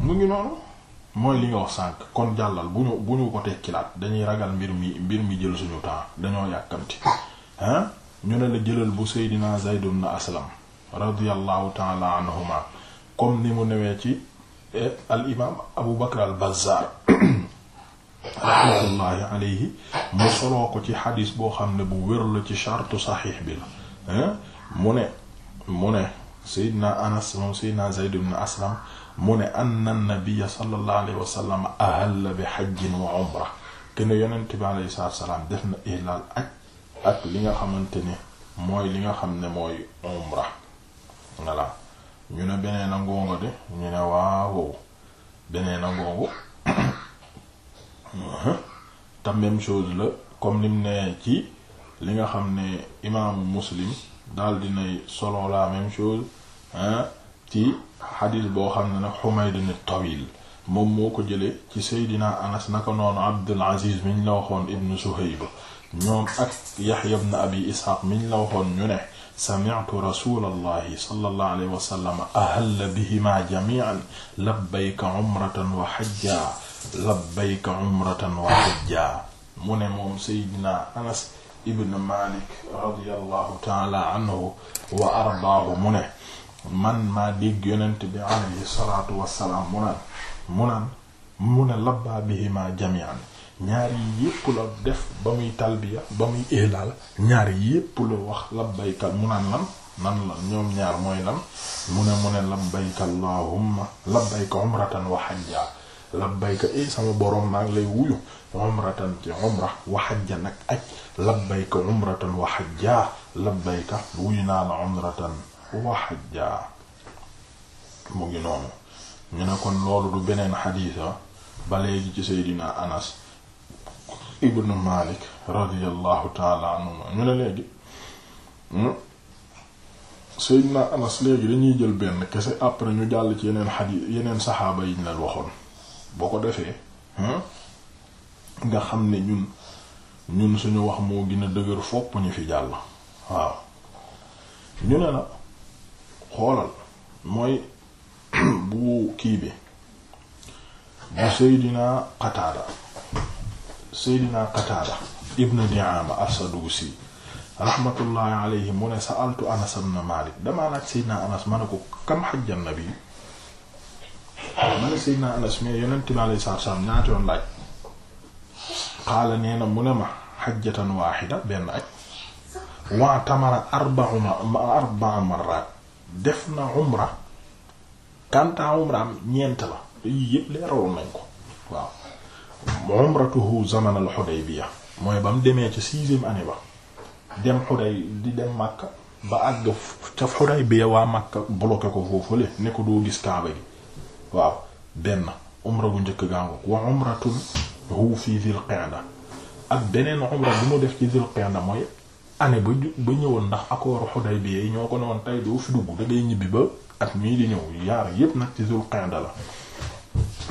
mu ngi noonu mooy li nga wax sànq kon jàllal bu ñu bu ñu ko tekkilaat dañuy ragal mbir mi mbir mi jël suñu temps dañoo yàkkamti ñu ne la jëlal bu seydina Zayd ibn Aslam radiyallahu ta'ala anhuma comme ni mu newee ci eh, al imaam Abu Bakr al Bazzar rahmatullahi alayhi mu soloo ko ci xadis boo xam ne bu wér la ci chartu saxiix bi la eh? mu ne mu ne Seydina Anas moom Seydina Zayd ibn Aslam mu ne anna nabiyya sallallahu salaam def na ihlaal aj ak li nga xamante ne mooy li nga xam ne mooy umra voilà ñu ne beneen a ngoongo de ñu ne waaw beneen a ngoongo Uh-huh. te même chose la comme nim ne ci li nga xam ne imaamu muslim daal dinay solo la même chose ci xadis boo xam ne nag Humayd ibn Tawil moom moo ko jëlee ci Seydina Anas naka noonu Abdul Aziz miñ la waxoon ibn Suhayb ñoom ak Yahya ibn Abi Ishaq miñ la waxoon ñu ne sami'tu rasulallahi sallallahu alayhi wa sallam ahalla bihima jami'an labbayka umratan wa labbayka umratan wa hajja mu ne moom Seydina Anas ibn Malik radiyallahu taala anhu wa ardaahu mu ne man maa dégg yonent bi alayhi salaatu wassalaam mu naan mu ne labbaa bihimaa jami'an ñaar yi yépp la def ba muy talbiya ba muy ihlaal ñaar yépp la wax labbayka mu naan lan ñoom ñaar mooy lan mu ne mu ne labbayka allahumma labbayka umratan wa hajja labbayka e sama borom maa ngi lay wuyu umratan ci umra wa hajjan ak aj labbayka wa hajja labbayka wuyu naa la umratan wa mu ngi noonu ñu ne kon loolu du beneen xadiisa ah. ba léegi ci seydina anas ibnu malik radiyallahu taala anhu ñu ne léegi hmm? seydina anas léegi dañuy jël benn kese après ñu jàll ci yeneen xadiis yeneen saxaaba yiñ la waxoon boo ko defee nga xam ne ñun ñun suñu wax moo gën a dëgër fopp ñu fi jàll waaw ñu ne la xoolal mooy bu kii bi bu Seydina Qataada Seydina Qataada ibn Di'aama as-Saduusi rahmatullahi alayhi mu ne sa'altu Anas ibn Maalik damaa laaj Seydina Anas ma ne ko kam hajja nabi ma ne Seydina Anas mais yonent bi alayhi salaatu salaam ñaata yoon laaj xaala nee mu ne ma xajjatan waaxida benn aj waa tamara arba'a marrat def na umra kanta umraam ñeent la yii yëpp nañ ko waaw umratuhu zaman al Hudaybiya mooy ba mu demee ci sixième année ba dem xuday di dem Makka ba àgg ca Hudaybiya waa Makka bloqué ko foofule ne ko doo gis Kaaba gi waaw benn umra bu njëkk gàngu wa umratun hu fi Dhil ak beneen umra bi mu def ci Dhil Qa'da mooy année ba ba ñëwoon ndax accord Hudaybiya yi ñoo ko ne woon tey doo fi dugg da ñibbi ba ak mii di ñëw yaar yépp nag ci Dhil Qa'da la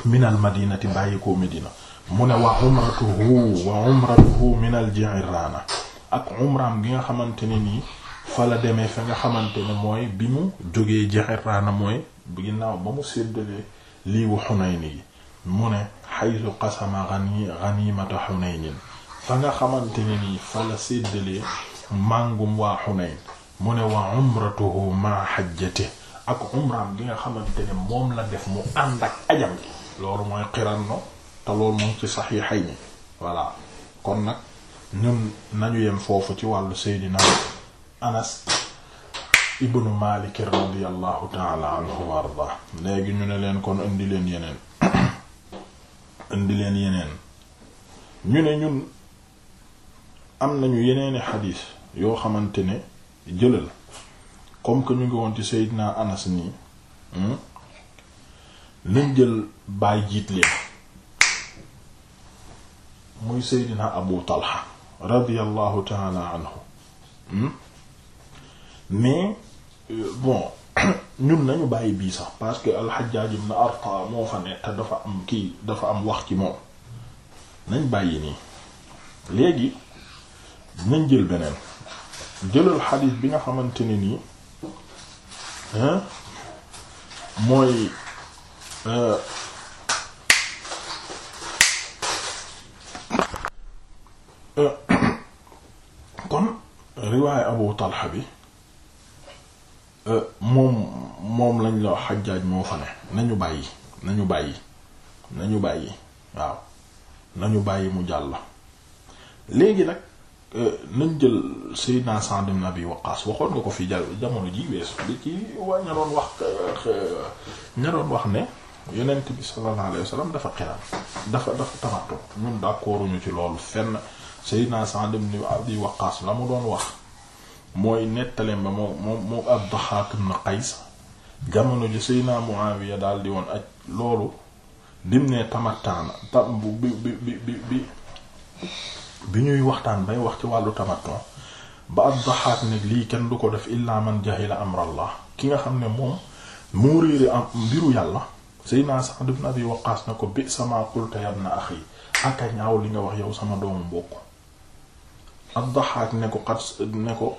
minal madinati bàyyi ko Medina mu ne wa umratuhu wa umratuhu minal Ji'irrana ak umraam gi nga xamante ne nii fa la demee fa nga xamante ne mooy bi mu jógee Ji'irrana mooy ginnaaw ba mu séddalee lii wu Xunayn yi mu ne xaytu qasama gani ganimata Xunayn fa nga xamante ne nii fa la séddalee màngum waa Xunayn mu ne wa umratuhu ma xajjate ak umraam gi nga xamante ne moom la def mu ànd ak ajam gi loolu mooy qiranno te loolu moom ci saxiixayni voilà kon nag ñun nañu yem foofu ci wàllu Seydina Anas ibnu Maalik radiyallahu taala anhu wa ardaa léegi ñu ne leen kon indi leen yeneen indi leen yeneen ñu ne ñun am nañu yeneeni xadiis yoo xamante ne jëlal comme que ñu ngi woon ci Seydina Anas nii hmm? nañ jël baay jiit leen muy Seydina Abu Talha radiyallahu taala anhu hmm? mais Euh, bon ñun nañu bàyyi bii sax parce que al-Hajjaj ibn moo fa ne te dafa am kii dafa am wax ci moom nañ bàyyi nii léegi nañ jël beneen jëlal xadiis bi nga xamante ne nii mooy euh, kon riwaaya Abu Talha bi Euh, moom moom lañ la xajjaaj moo fa ne nañu bàyyi nañu bàyyi nañu bàyyi waaw nañu bàyyi mu jàll léegi nag euh, nañ jël Seydina Sa'd ibn Abi Waqqas waxoon nga ko fi jal jamono ji weesu li ci waa ña doon wax euh, ña doon wax ne yonent bi sallallahu alayhi dafa xiraan dafa dafa tamatoo ñun d'accorduñu ci loolu fenn Seydina Sa'd ibn Abi Waqqas la mu doon wax mooy nettaleem ba moo moo moo ad-Dahhaak ibn Qays jamono ji Seydina Muawiya daal di woon ak loolu lim ne tamattaana tam bi bi bi bi bi ñuy waxtaan bay wax ci wàllu tamatton ba ad ne lii kenn du ko def illaa man jahila amrallah ki nga xam ne moom moo réere am mbiru yàlla Seydina Sa'd ibn Abi Waqqaas na ko bi'sa maa qulta ya ibna axi li nga wax yow sama doomu mbokk ad ne ko xat ne ko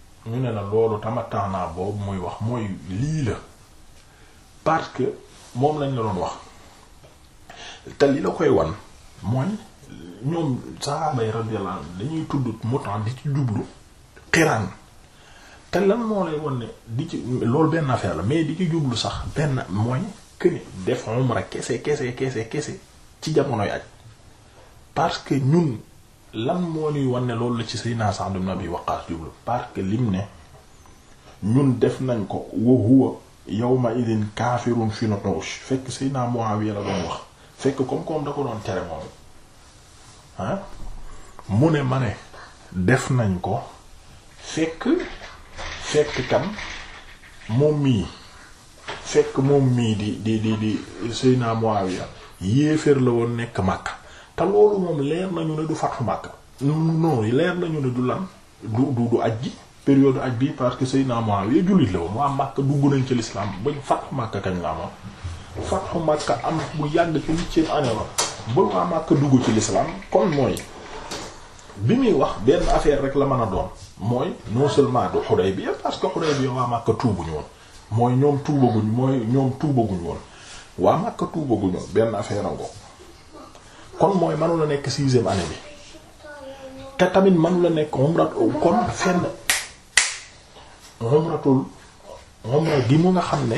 ñu ne la loolu tamataanaa boobu muy wax mooy lii la parce que moom lañ la doon wax te li la koy wan mooy ñoom sahaaba yi radiyallahu dañuy tudd motan di ci jublu xiraan te lan moo lay wan ne di ci loolu benn affaire la mais di ci jublu sax benn mooy que def umra kese kese kese kese ci jamonoy aj parce que ñun lan moo ñuy wan ne loolu la ci Seydina Sa'd ibn Abi Waqqas jublu parce que lim ne ñun def nañ ko wa huwa yawma idin kaafirun fi nutuush fekk Seydina Muawiya la doon wax fekk comme comme da ko doon tere moom ah mu ne ma ne def nañ ko fekk fekk kan moom mii fekk moom mii di di di di Seydina Muawiya yéeféer la woon nekk màkk te loolu moom leer nañu ne du fatxu Makka non leer nañu ne du lan du du du aj ji période aj bi parce que Seydina Muawiya jullit la woon waa Makka dugg nañ ci l'islam bañ fatxu Makka kañ la moom fatxu Makka am bu yàgg ci ba dugg ci l'islam kon mooy bi muy wax benn affaire rek la mën a doon mooy non seulement du Hudaybiya parce que Hudaybiya waa Makka tuubuñu woon mooy ñoom tuubaguñ mooy ñoom tuubaguñ woon waa Makka tuubaguñ woon benn affaire kon mooy mënu nekk sixième année bi te tamit mënu la nekk umrat kon fenn umratul umra gi mu nga xam ne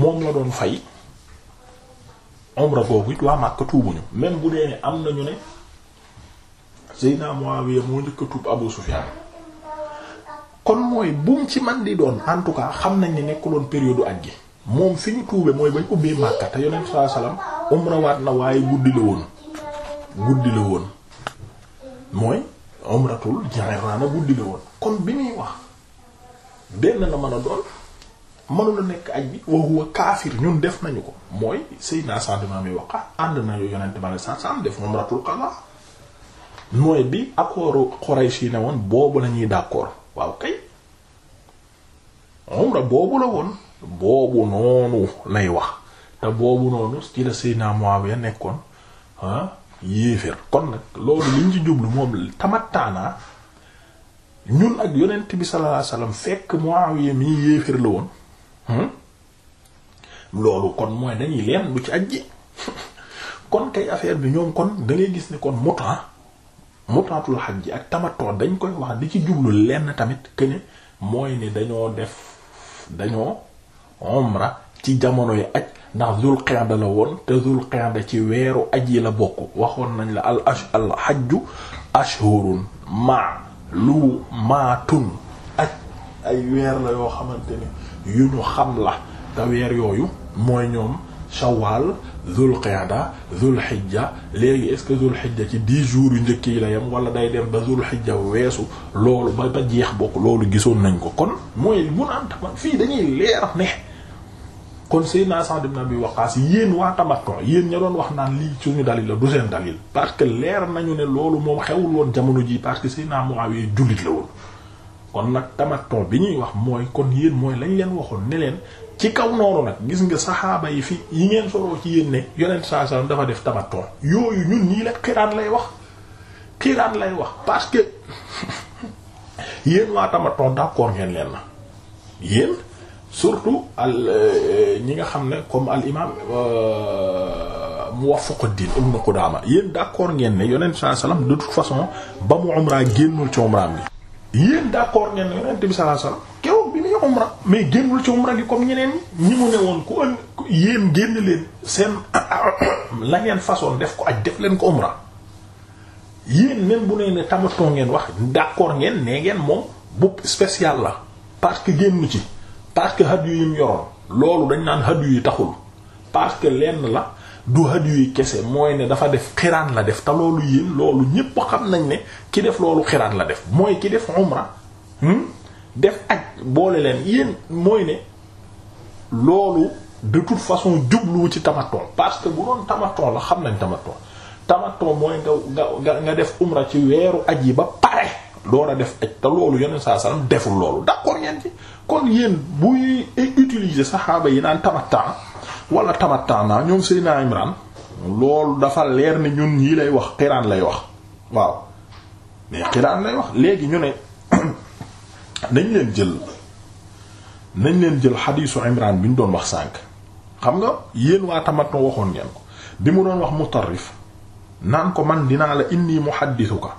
moom la doon fay umra googu it waa Makka tuubuñu même bu dee am nañu ne Seydina Muawiya moo njëkk a tuub Abu Sufyan kon mooy buum ci man di doon en tout cas xam nañ ne nekkuloon période ak gi moom fi ñu tuube mooy bañ ubbee Makka te yonent sallallahu alayhi umrawaat na waaye guddi la woon guddi la woon mooy umratul Ji'rana guddi la woon kon bi muy wax benn na mën a doon mënula nekk aj bi wa huwa kaafir ñun def nañu ko mooy Seydina Sadima mi wax ànd nañu yonent ba sa sa def umratul qada mooy bi accordu Quraysh yi ne woon boobu la ñuy d'accord waaw kay umra boobu la woon boobu noonu lay wax te boobu noonu ci la Seydina Muawiya nekkoon ah yéeféer kon nag loolu liñ ci jublu moom tamattaanaa ñun ak yonent bi sallallahu alayhi wasallam fekk Muawiya mii yéeféer la woon loolu kon mooy dañuy leen lu ci ajji kon kay affaire bi ñoom kon da gis ne kon muta xaj ji ak tamatoo dañ koy wax di ci jublu lenn tamit que mooy ne dañoo def dañoo omra ci jamono yi aj ndax zul qa'da la woon te zul qa'da ci weeru aj yi la bokk waxoon nañ la al ash al hajju ashhurun ma'lumatun ak ay weer la yoo xamante ne yu ñu xam la te weer yooyu mooy ñoom shawal zul qa'da zul xijja léegi est ce que zul xijja ci dix jour yu njëkk yi la yem wala day dem ba zul xijja weesu loolu ba ba jeex bokk loolu gisoon nañ ko kon mooy mun am fii dañuy leer ne kon Seydina Sa'd ibn Abi Waqqas yéen waa Tamattu yéen ña doon wax naan lii suñu dalil la du seen dalil parce que leer nañu ne loolu moom xewul woon jamono ji parce que Seydina Muawiya jullit la woon kon nag Tamattu bi ñuy wax mooy kon yéen mooy lañ leen waxoon ne leen ci kaw noonu nag gis nga saxaaba yi fi yi ngeen soroo ci yéen ne yonent saa sallam dafa def Tamattu yooyu ñun ñii la xiraan lay wax xiraan lay wax parce que yéen waa Tamattu d'accord ngeen leen na surtout al euh, ñi nga xam ne comme al imam euh, Muwaffaquddin Ibn Qudaama yéen d'accord ngeen ne yonent sallallahu alayhi wasallam de façon ba mu umra génnul ci umraam gi yéen d'accord ngeen ne yonent bi sallallahu alayhi wasallam keroog bi muy umra mais génnul ci umra gi comme ñeneen ñi mu ne woon ku ën yéen génn leen seen la ngeen façon def ko aj def leen ko umra yéen même bu nee ne tamatoo ngeen wax d'accord ngeen nee ngeen moom bu spécial la parce que génnu ci parce que hadiyu yi mu yoroon loolu dañ naan hadiyu yi taxul parce que lenn la du hadiyu yi kese mooy ne dafa def xiraan la def te loolu yéen loolu ñépp xam nañ ne ki def loolu xiraan la def mooy ki def umra hmm? def ak boole leen yéen mooy ne loolu de toute façon jubluwu ci tamaton parce que bu doon tamaton xam nañ tamaton tamaton mooy nga nga nga def umra ci weeru aj yi ba pare door a def aj te loolu yeneen saa salaam deful loolu d'accord ngeen ci kon yéen buy utiliser saxaaba yi naan tamattaa wala tamattaa naa ñoom Seydina Imran loolu dafa leer ne ñun yi lay wax xiraan lay wax waaw mais xiraan lay wax léegi ñu ne nañ leen jël nañ leen jël xadiisu Imran bi ñu doon wax sànq xam nga yéen waa tamattaa waxoon ngeen ko bi mu doon wax mutarrif naan ko man dinaa la indi mu ko inni muhaddithuka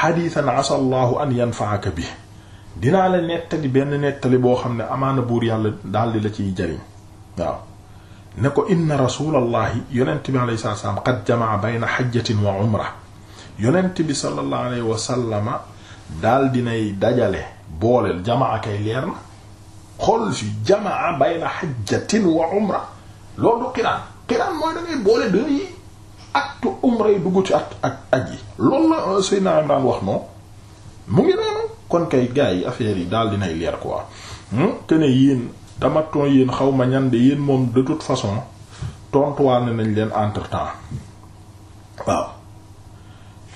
xadiisan hmm? asallahu an yanfa'aka bi dinaa la nettali benn nettali boo xam ne amaana buur yàlla daldi la ci jariñ waaw ne ko inna rasulallahi yonent bi alayhi salaatu salaam qad jamaa bayna xajjatin wa umra yonent bi sallallahu alayhi dajale booleel jamaa kay leer na xool fi jamaa bayna xajjatin wa umra loolu du qiraan qiraan mooy da boole deux yi acte umra dugg ci at ak aj yi loolu la Seydina Imran wax noonu mu ngi noonu kon kay gars yi affaire yi daal dinay leer quoi te hmm? ne yéen tamaton yéen xaw ma ñan de yéen moom de toute façon tontuwaal nañ leen entre temps waaw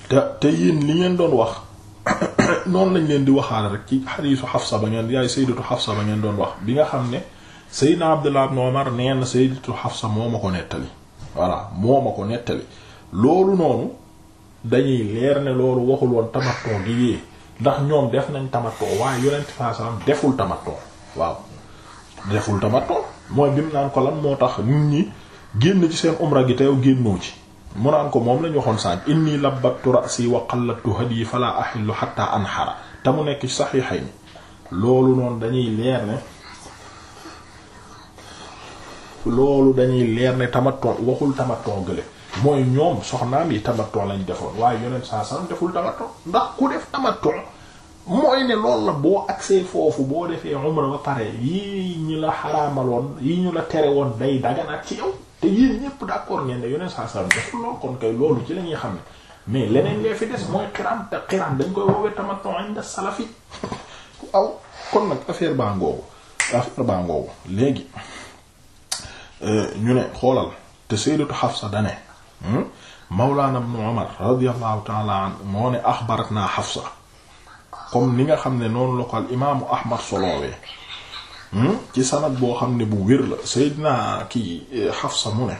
te te yéen li ngeen doon wax noonu lañ leen di waxaale rek ci xadiisu Xafsa ba ngeen yaay sayyidatu Xafsa ba ngeen doon wax bi nga xam ne Seydina Abdullah ibn Umar nee na sayyidatu Xafsa moo ma ko nettali voilà moo ma nettali loolu noonu dañuy leer ne loolu waxul tamaton gi yee ndax ñoom def nañ tamatoo waaye yonent saa salaam deful tamatoo waaw deful tamatoo mooy bi mu naan ko lan moo tax ñu ñi génn ci seen umra gi te yow génnoo ci mu naan ko moom la ñu waxoon sànq inni labbattu ra'si wa qallattu hadyi fala ahillu hatta te mu nekk ci saxiixay ni loolu noonu dañuy leer ne loolu dañuy leer ne tamatoo waxul tamatoo gële mooy ñoom soxnaam yi tamattu lañ defoon waaye yonent saa sallam deful tamattu ndax ku def tamattu mooy ne loolu la boo agsee foofu boo defee umra ba pare yii ñu la xaraamaloon yii ñu la tere woon day daganaat ci yow te yéen ñépp d'accord ngeen ne yonent saa deful lool kon kay loolu ci la ñuy xam ne mais leneen lee fi des mooy xiraan te xiraan dañ koy woowee tamattu inda salafi aw kon nag affaire baa ngoogu affaire baa ngoogu léegi euh, ñu ne xoolal te Sayyidatu Hafsa dane Hmm? Mawlana ibn Umar radiyallahu ta'ala anhu moo ne axbaratna Hafsa comme ni nga xam ne noonu la ko al imaamu Ahmad solowee hmm? ci sanad boo xam ne bu wér la Seydina kii eh, Hafsa mu ne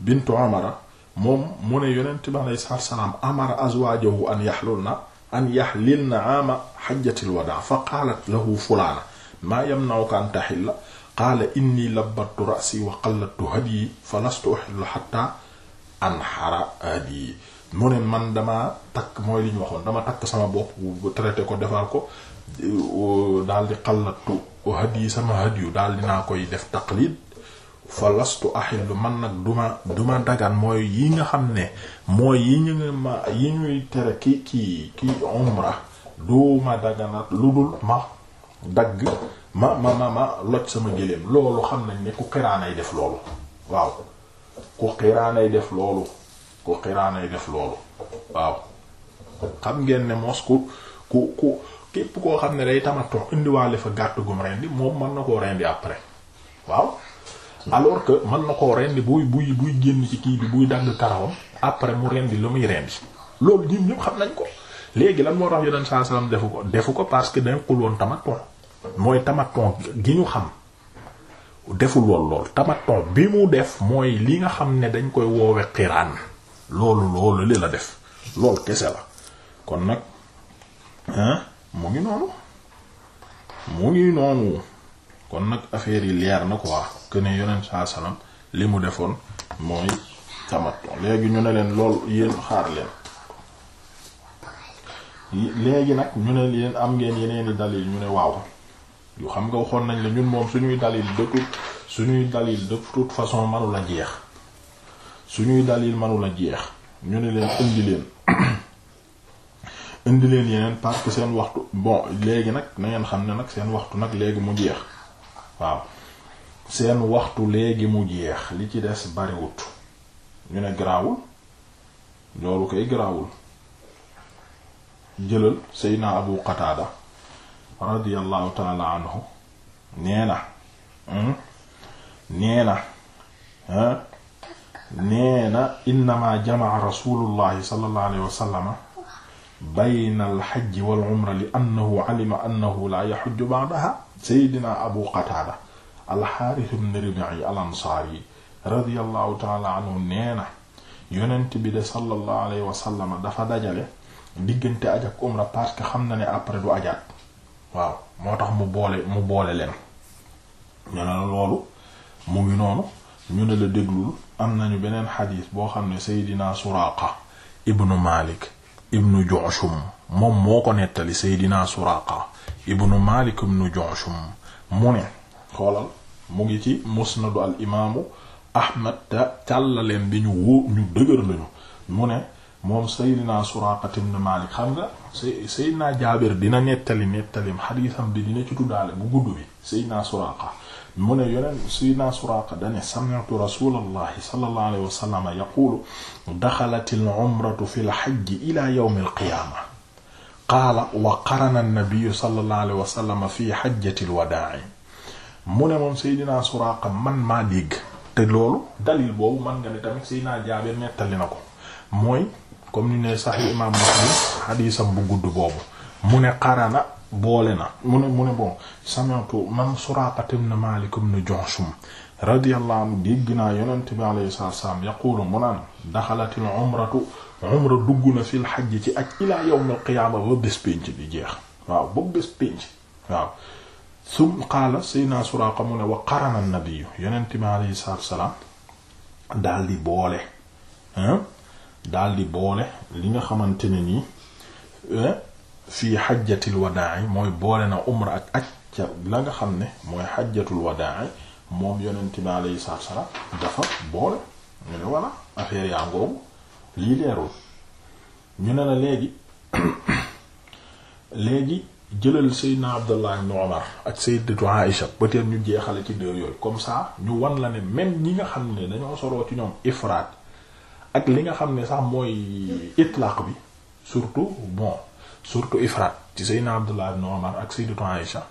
bintu Umar moom mu ne yonent bi alayhi salaatu salaam amara azwaajahu an yahlulna an yahlilna aama hajjatil wadaa fa qaalat lahu fulaana maa yamna'uka an tahilla qaala inni labbattu ra'si wa qallattu hadyi fa lastu uhillu hattaa anhara hadi euh, mu ne man dama takk mooy li ñu waxoon dama takk sama bopp bu traité ko defar ko euh, euh, daal di xallatu hadi sama hadiyu daal dinaa koy def taqlid fa lastu ahillu man nag duma duma dagan mooy yi nga xam ne mooy yi ñu ma yi ñuy tere ki ki ki umra duma daganat lu dul ma dagg ma ma ma loj sama géléem loolu xam nañ ne ku yi def loolu waaw ku xiraanay def loolu ku xiraanay def loolu waaw xam ngeen ne mos ku ku ku képp koo xam ne day tamattu indiwaale fa gàtt gum rendi moom mën na koo rendi après waaw alors que mën na koo rendi buy buy buy génn ci kii bi buy dagg karawam après mu rendi lu muy rendi loolu ñun ñëpp xam nañ ko léegi lan moo tax yonent saa salaam defu ko defu ko parce que dañ xul woon tamaton mooy tamaton gi ñu xam deful woon lool tamattu bi mu def mooy li nga xam ne dañ koy woowe xiraan loolu loolu li la def lool kese la kon nag mu ngi noonu mu ngi noonu kon nag affaire yi leer na ko que ne yonent saa mu defoon mooy tamattu léegi ñu ne leen lool yéen xaar leen léegi nag ñu ne leen am ngeen yeneeni i yi ñu ne waaw. yu xam nga waxoon nañ la ñun moom ñuy dalil de toute suñuy dalil de toute façon manu la jeex suñuy dalil manu la jeex ñu ne leen indi leen indi leen yeneen parce que seen waxtu bon léegi nag na ngeen xam ne nag seen waxtu nag léegi mu jeex waaw seen waxtu léegi mu jeex li ci des bariwut ñu ne garaawul loolu koy garaawul jëlal Seydina Abu Qatada radiyallahu taala anhu nee hmm? na nee na nee na innama jamaa rasulullahi sallallahu alayhi wa sallama bayna alxajji wal umra li annahu alima annahu la yaxujju ba'daha saydina abu qataada alxaaris ibn rib'i al ansaari radiyallahu taala anhu nee na yonent bi de sallallahu alayhi wa sallama dafa dajale diggante aj ak umra parce que xam na ne après du ajaat waaw moo tax mu boole mu boole leen ñu la loolu mu ngi noonu ñu ne la déglul am nañu beneen xadiis boo xam ne Seydina Suraaqa ibnu Malik ibnu Ju'shum moom moo ko nettali Seydina Suraaqa ibnu Malik ibnu Ju'shum mu ne xoolal mu ngi ci musnadu al imaamu Ahmad te càllaleen bi ñu wóor ñu dëgër lañu mu ne moom Seydina Suraaqa ibn Maalik xam nga Seydina Jaabir dina nettali nettali xadiisam bi dina bu gudd bi Seydina Suraaqa mu ne yoneen Seydina dane sami'tu rasuulallahi sallallahu alayhi wa sallam yaquulu daxalatil umratu fi hajjatil wadaa'i mu ne moom Seydina Suraaqa man maa dégg te loolu dalil boobu man nga ne tamit Seydina Jaabir nettali na ko comme ni ne sahih imam Muslim xadiisam bu gudd boobu mu ne qarana boole na mu ne mu ne bon sami'tu man Suraaqa ibn Maalik ibn Ju'shum radiyallahu anhu dégg naa yonent bi alayhi salaatu wassalaam yaqulu mu naan daxalatil umratu umra dugg na fil xajj ci ak ilaa yawmil qiyaama ba bés pénc di jeex waaw ba bés pénc waaw sum qaala sayna Suraaqa mu ne wa qarana an-nabiyyu bi alayhi salaatu wassalaam daal di boole dal di boole li nga xamante ne nii eh, fii xajjatil wadaa mooy boole na umra ak aj ca la nga xam ne mooy xajjatul wadaa moom yonent bi alayhi salaatu dafa boole ñu ne voilà affaire yaa ngoogu lii leerul ñu ne la léegi léegi jëlal Seydina Abdullah ibn Umar ak Sayyidatu Aïsha peut-être ñu jeexale ci deux yooyu comme ça ñu wan la ne même ñi nga xam ne dañoo soloo ci ñoom ifraat ak li nga xam ne sax mooy itlaq bi surtout bon surtout ifrat ci Seydina Abdullah ibn Umar ak Sayyidatu Aïsha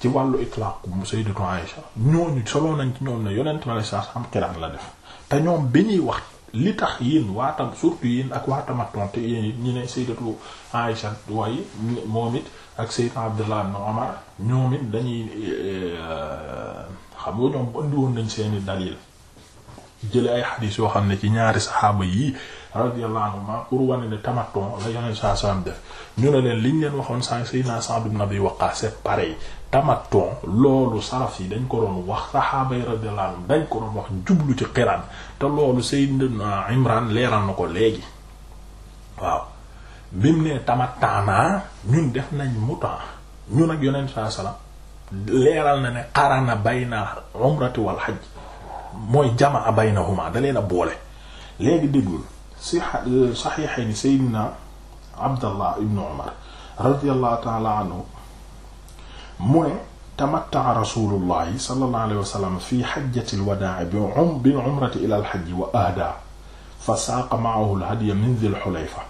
ci wàllu itlaq mu Sayyidatu Aïsha ñooñu solo nañ ci ñoom ne yonent ma la sax la def te ñoom bi ñuy wax li tax yéen waatam surtout yéen ak waatamaton te yéen it ñi ne Sayyidatu Aïsha moom it ak Sayyidina Abdullah ibn Umar ñoom it dañuy euh, xam nga ñoom andi woon nañ seeni dalil jële ay xadiis yoo xam ne ci ñaari saxaaba yii radiyallahu anhuma pour wane ne tamaton la yoneen saa saam def ñu ne leen liñ leen waxoon sa sayna Sa'd ibn Abi Waqqas c'est pareil tamaton loolu saraf yi dañ ko doon wax saxaaba yi radiyallahu dañ ko doon wax jublu ci xiraan te loolu sayyidina Imran leeral na ko léegi waaw bi mu ne tamataanaa ñun def nañ mutaa ñun ak yoneen saa salaam leeral na ne xarana bayna umrati wal hajj mooy jamaa baynahuma da leen a boole léegi déggul si euh, saxiixayni sayyidina abdallah ibnu umar radiyallahu taala anhu mu ne tamatta'a rasulullahi sallallahu alayhi wa sallam fi hajjatil wadaa' bi um bil umrati ila al hajj wa ahda fa saaqa ma'ahu al hadya min dhil hulayfa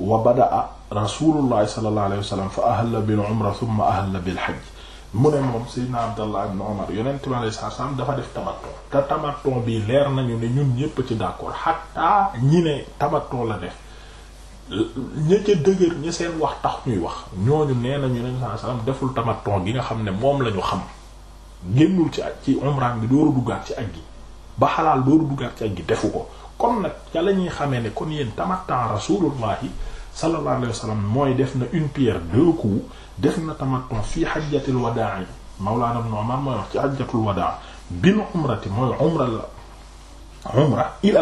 wa bada'a rasulullahi sallallahu alayhi wa sallam fa ahalla bil umra thumma ahalla bil hajj mu ne moom Seydina Abdallah ibn Umar yonent mi alayhi salaam dafa def tamattu te tamattu bii leer nañu ne ñun ñépp ci d'accord xataa ñi ne tamattu la def ña ca dëgër ña seen wax tax ñuy wax ñooñu nee nañu yonent mi alayhi salaam deful tamattu gi nga xam ne moom la ñu xam génnul ci ak ci umraan bi dooru duggaat ci ak gi ba xalaal dooru duggaat ci ak gi defu ko comme nag ca la ñuy xamee ne kon yéen tamattu rasulullahi sallallahu alayhi wa mooy def na une pierre deux coups def na tamattu fii hajjatul wadaa mawlaana ibn Umar mooy wax ci hajjatul wadaa bil umrati mooy umra ci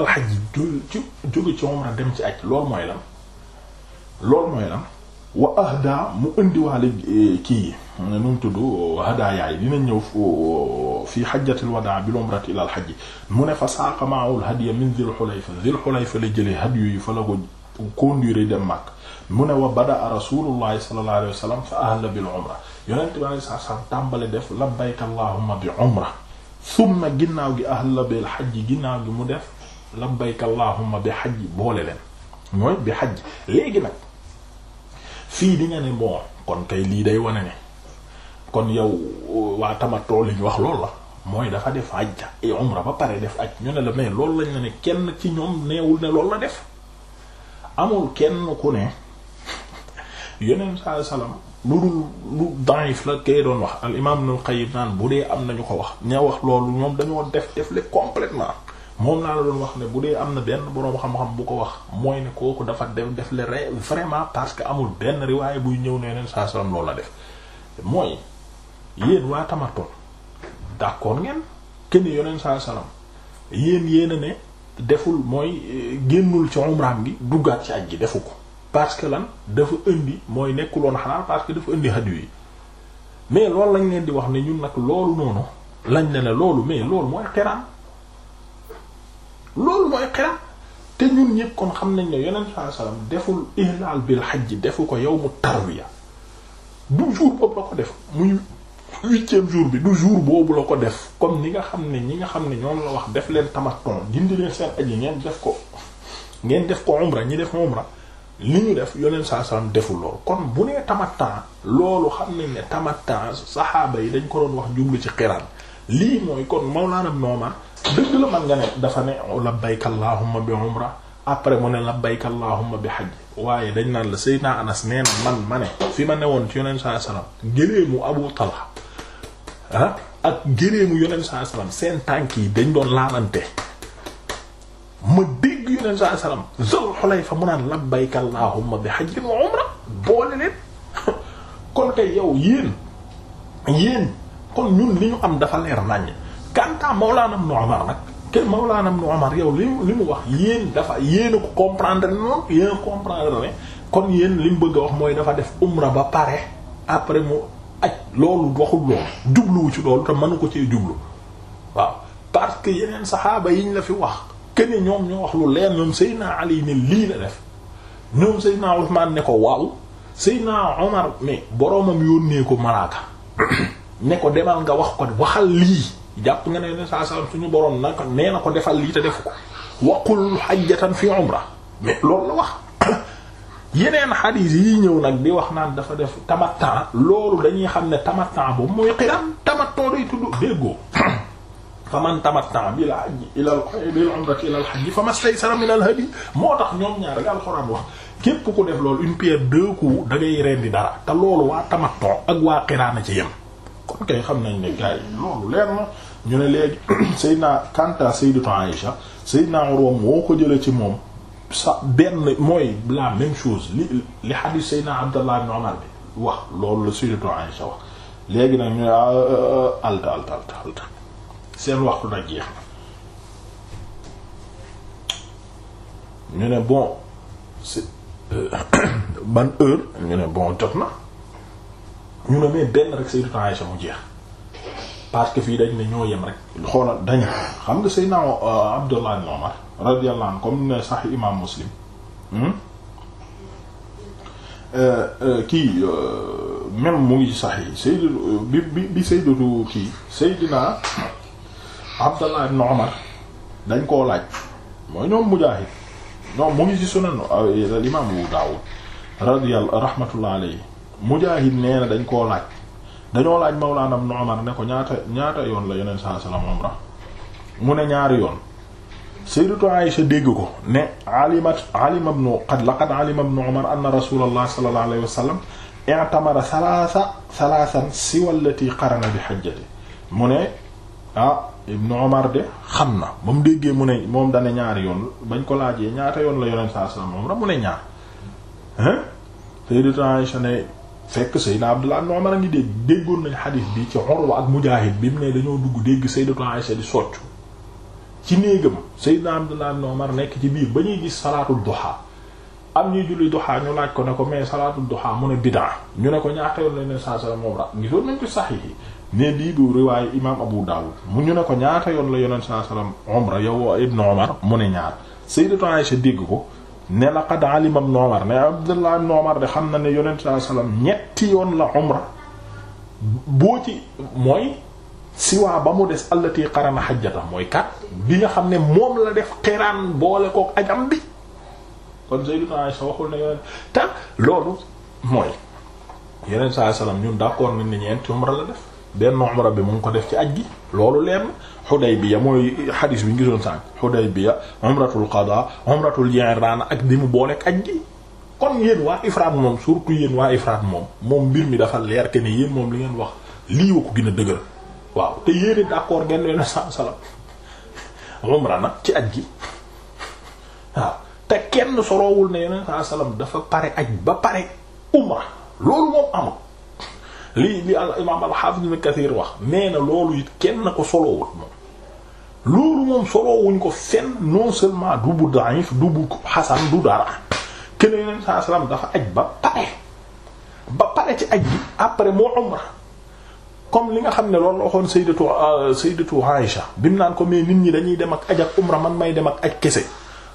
jóge ci umra dem wa ahda mu indiwaale e, kii nu mu fii hajjatil wadaa bil umrati ilal hajj mu ne fa saaqa ma'ul hadiya min dhil hulayfa dhil hulayfa la jëlee hadiyu yi fa la ko pour conduire dem Makka mu ne wa badaa rasulullahi sallallahu alayhi wa sallam fa ahla bil umra yonent bi alayhi salaam tàmbale def labbayka allahumma bi umra summa ginnaaw gi ahla bil xajji ginnaaw gi mu def labbayka allahumma bi xajji boole leen mooy bi xajji léegi nag fii di nga ne bon kon kay lii day wane ne kon yow waa tamatoo li ñu wax loolu la mooy dafa def ajja et umra ba pare def aj ñu ne la mais loolu lañ la ne kenn ci ñoom neewul ne loolu la def amul kenn ku ne yeneen saa salaam lu dul lu daif la kay doon wax al imaam Ibnul Qayyim naan bu dee am nañu ko wax ña wax loolu ñoom dañoo def def le complètement moom naa la doon wax ne bu dee am na benn boroom xam-xam bu ko wax mooy ne kooku dafa def def le vraiment parce que amul benn riwaay buy ñëw ne yeneen saa salaam loolu la def mooy yéen waa tamatoon d'accord ngeen kenn yeneen saa salaam yéen yéen a ne. deful mooy eh, génnul ci umraam gi duggaat ci aj gi defu ko parce que lan dafa indi mooy nekkuloon xanaa parce que dafa indi hadiyu yi mais loolu lañ leen di wax ne ñun nag loolu noonu lañ ne la loolu mais loolu mooy xiraan loolu mooy xiraan te ñun ñëpp kon xam nañ yeneen yonent sallallahu alayhi wasallam deful ihlaal bil hajj defu ko yawmu tarwiya du jour boobu la ko def muy huitième jour bi du jour boobu la ko def comme ni nga xam ne ñi nga xam ne ñoom la wax def leen tamaton dindi leen seen aji ngeen def ko ngeen def ko umra ñi def umra li ñu def yoneen saa salaam deful loolu kon bu nee tamaton loolu xam nañ ne tamaton saxaaba yi dañ ko doon wax jublu ci xiraan lii mooy kon Mawlaana Ibn Umar dëgg la man nga ne dafa ne labbayka allahumma bi umra après mu ne labbayka allahumma bi hajj waaye dañ naan la Seydina Anas nee na man ma ne fi ma newoon ci yonent saa alayhi wasallam géléemu Abu Talha ah ak géléemu yonent sallallahu seen tànk yi dañ doon laalante ma dégg yonent sallallahu alayhi wasallam Zul Hulayfa mu naan labbayka allahumma bi hajj wa umra boole leen kon kay yow yéen yéen kon ñun li ñu am dafa leer naññ. Kanta Mawlana Ibn Umar nag. ke Mawlana Ibn Umar yow li li mu wax yéen dafa yéen ko comprendre noonu yéen a comprendre ne kon yéen li mu bëgg a wax mooy dafa def umra ba pare après mu aj loolu waxul loolu jubluwu ci loolu te mënu ko cee jublu waaw parce que yeneen saxaaba yiñ la fi wax que ne ñoom ñoo wax lu leer ñoom Seydina Ali lii la def ñoom Seydina Usmaan ne ko waaw Seydina Omar mais boromam yónnee ko malaaka ne ko demal nga wax ko waxal lii. jàpp nga ne saa saa suñu borom nag nee na ko defal lii te defu ko waqul hajjatan fi umra mais loolu la wax yeneen xadiis yi ñëw nag bi wax naan dafa def tamattan loolu dañuy xam ne tamattan bu mooy xiram tamattan day tudd déggoo fa man tamattan bil la ila bil umrati ila al hajji fa mastaysara min moo tax ñoom ñaar rek képp ku def loolu une pierre da ngay rendi dara te loolu waa tamattan ak waa xiraan a ci yem kon kay xam nañ ne gars loolu leer na ñu ne léegi Seydina Kanta Sayyidatu Aïcha Seydina Urwa woo ko jëlee ci moom sa benn mooy la même chose li li hadith Seydina Abdallah ibn Umar bi léegi nag ñu ne ah, ah, ah, alta alta seen waxtu nag na ñu ne bon c'est euh, ban heure ñu ne bon jot na ñu ne mais benn rek Sayyidatu Aïsha mu jeex parce que fii dañ ne ñoo yem rek xoolal dañ xam nga Sayyidna euh, Abdullah ibn Umar radiyallahu anhu comme ne sax imam Muslim hmm? euh, euh, kii même mu ngi sax yi Sayyid bi Abdullah ibn Umar dañ koo laaj mooy ñoom Mujaahid ñoom mu ngi ci Sunan al imam Abu Dawud radiyallahu Mujaahid nee na dañ koo laaj dañoo laaj Mawlaana Ibn Umar ne ko ñaata ñaata yoon la yeneen saa salaam mu ne ñaari yoon Sayyidatu Aïsha dégg ko ne alimat alima ibnu qad la alima ibnu Umar anna Rasuulullah sallallahu alayhi wa sallam i'tamara siwa allati qarana bi hajjati mu ne ah Ibnu Umar de xam na ba mu déggee mu ne moom dane ñaari yoon bañ ko laajee ñaata yoon la yeneen saa salaam mu ne ñaar Sayyidatu Aïsha ne fekk Seydina Abdullah ibn Umar a ngi dégg déggoon nañ xadiis bi ci Urwa ak Mujaahid bi mu ne dañoo dugg dégg Sayyidatu Aisha di soccu ci néegam Seydina Abdullah ibn Umar nekk ci biir ba ñuy gis salaatul duha am ñuy julli duha ñu laaj ko ne ko mais salaatul duha mu ne bid'a ñu ne ko ñaata yoon lañ ne saa salaam mu ñu ne ko ñaata yoon la yoneen saa salaam umra yow Ibn Umar dégg ko. ne laqad alima ibn Umar ne Abdullah ibn Umar de xam na ne yonent saa salaam ñetti yoon la umra boo ci mooy siwaa ba mu des allati qarana hajjata mooy kat bi nga xam ne moom la def xiraan boole kook ajam bi kon Sayyiduna Aisha waxul ne yonent te loolu mooy yonent saa salaam ñun d'accord nañ ne ñeenti umra la def benn umra bi mu ngi ko def ci aj gi loolu leer Hudaybiya mooy xadiis bi ñu gisoon sànq Hudaybiya umratul qada umratul ji'ran ak di mu boole aj gi kon yéen moom surtout yéen waa ifraat moom moom mbir mi dafa leer que moom li ngeen wax lii ko gën a dëgër waaw te yéen d'accord ngeen leen sa salam umra ci aj gi waaw te kenn soroowul ne yeneen saa salaam dafa pare aj ba pare umra loolu moom amul li li al imaam al-Hafiz Ibn wax mee na loolu it kenn ko solowut moom loolu moom solowuñ ko fenn non seulement du bu da'if du bu xasan du dara kenn yeneen saa salaam dafa aj ba pare ba pare ci aj bi après moo umra comme li nga xam ne lool la waxoon sayyidatu euh, sayyidatu bi mu naan ko mais nit ñi dañuy dem ak aj ak umra man may demak ak aj kese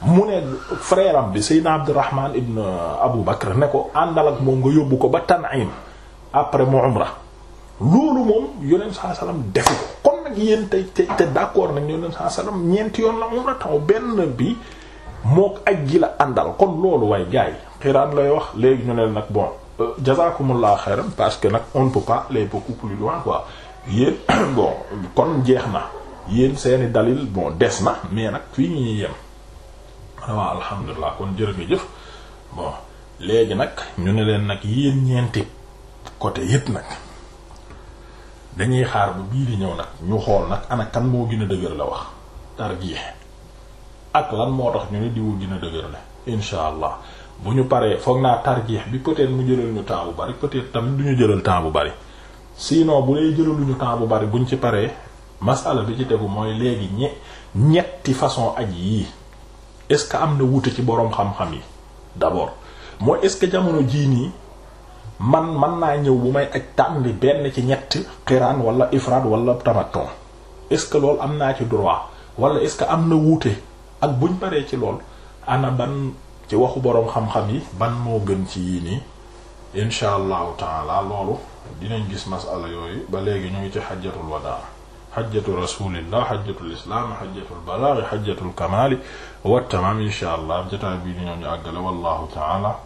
mu ne frère am bi sayyidna Abdurrahman ibn Abu Bakr ne ko àndal ak moom nga yóbbu ko ba Tan'im après mu umra loolu moom yonent saa salaam defu ko kon nag yéen tey tey te d'accord nag yonent saa salaam ñeenti yoon la umra taw benn bi mook aj gi la àndal kon loolu waaye gars yi lay wax léegi ñu ne nag bon euh, jazakumullah parce que nag on bon jeex na yéen seeni dalil bon des na mais nag fii ñu ñuy yem ah, waaw alhamdulilah kon jërë nga jëf bon léegi nag ñu ne leen nag yéen ñeenti côté yépp nag dañuy xaar bu bii di ñëw nag ñu xool nag ana kan moo gën a dëgër la wax tarjiix ak lan moo tax ñu ne diwu gën a dëgër la insha allah bu ñu paree foog naa tarjiix bi peut-être mu jëlal ñu temps bu bari peut tamit du ñu jëlal temps bu bari sinon bu jëlalu jëlaluñu temps bu bari buñ ci paree masala bi ci tegu mooy léegi ñe ñetti façon aj yii est-ce que am na wuute ci boroom xam-xam yi d'abord mooy est-ce que jamono jii nii man man naa ñëw bu may aj tànn benn ci ñett xiraan wala ifrad wala tamattu est-ce que loolu am naa ci droit wala est-ce que am na wuute ak buñ paree ci lool ana ban ci waxu boroom xam-xam yi ban moo gën ci yii nii insha allahu taala loolu dinañ gis masala yooyu ba léegi ñu ngi ci xajjatul wadaa xajjatu rasulillah xajjatul islaam xajjatul balaag xajjatul kamaali wa tamaam insha allah jotaay bii di ñoo ñu àggale wallahu taala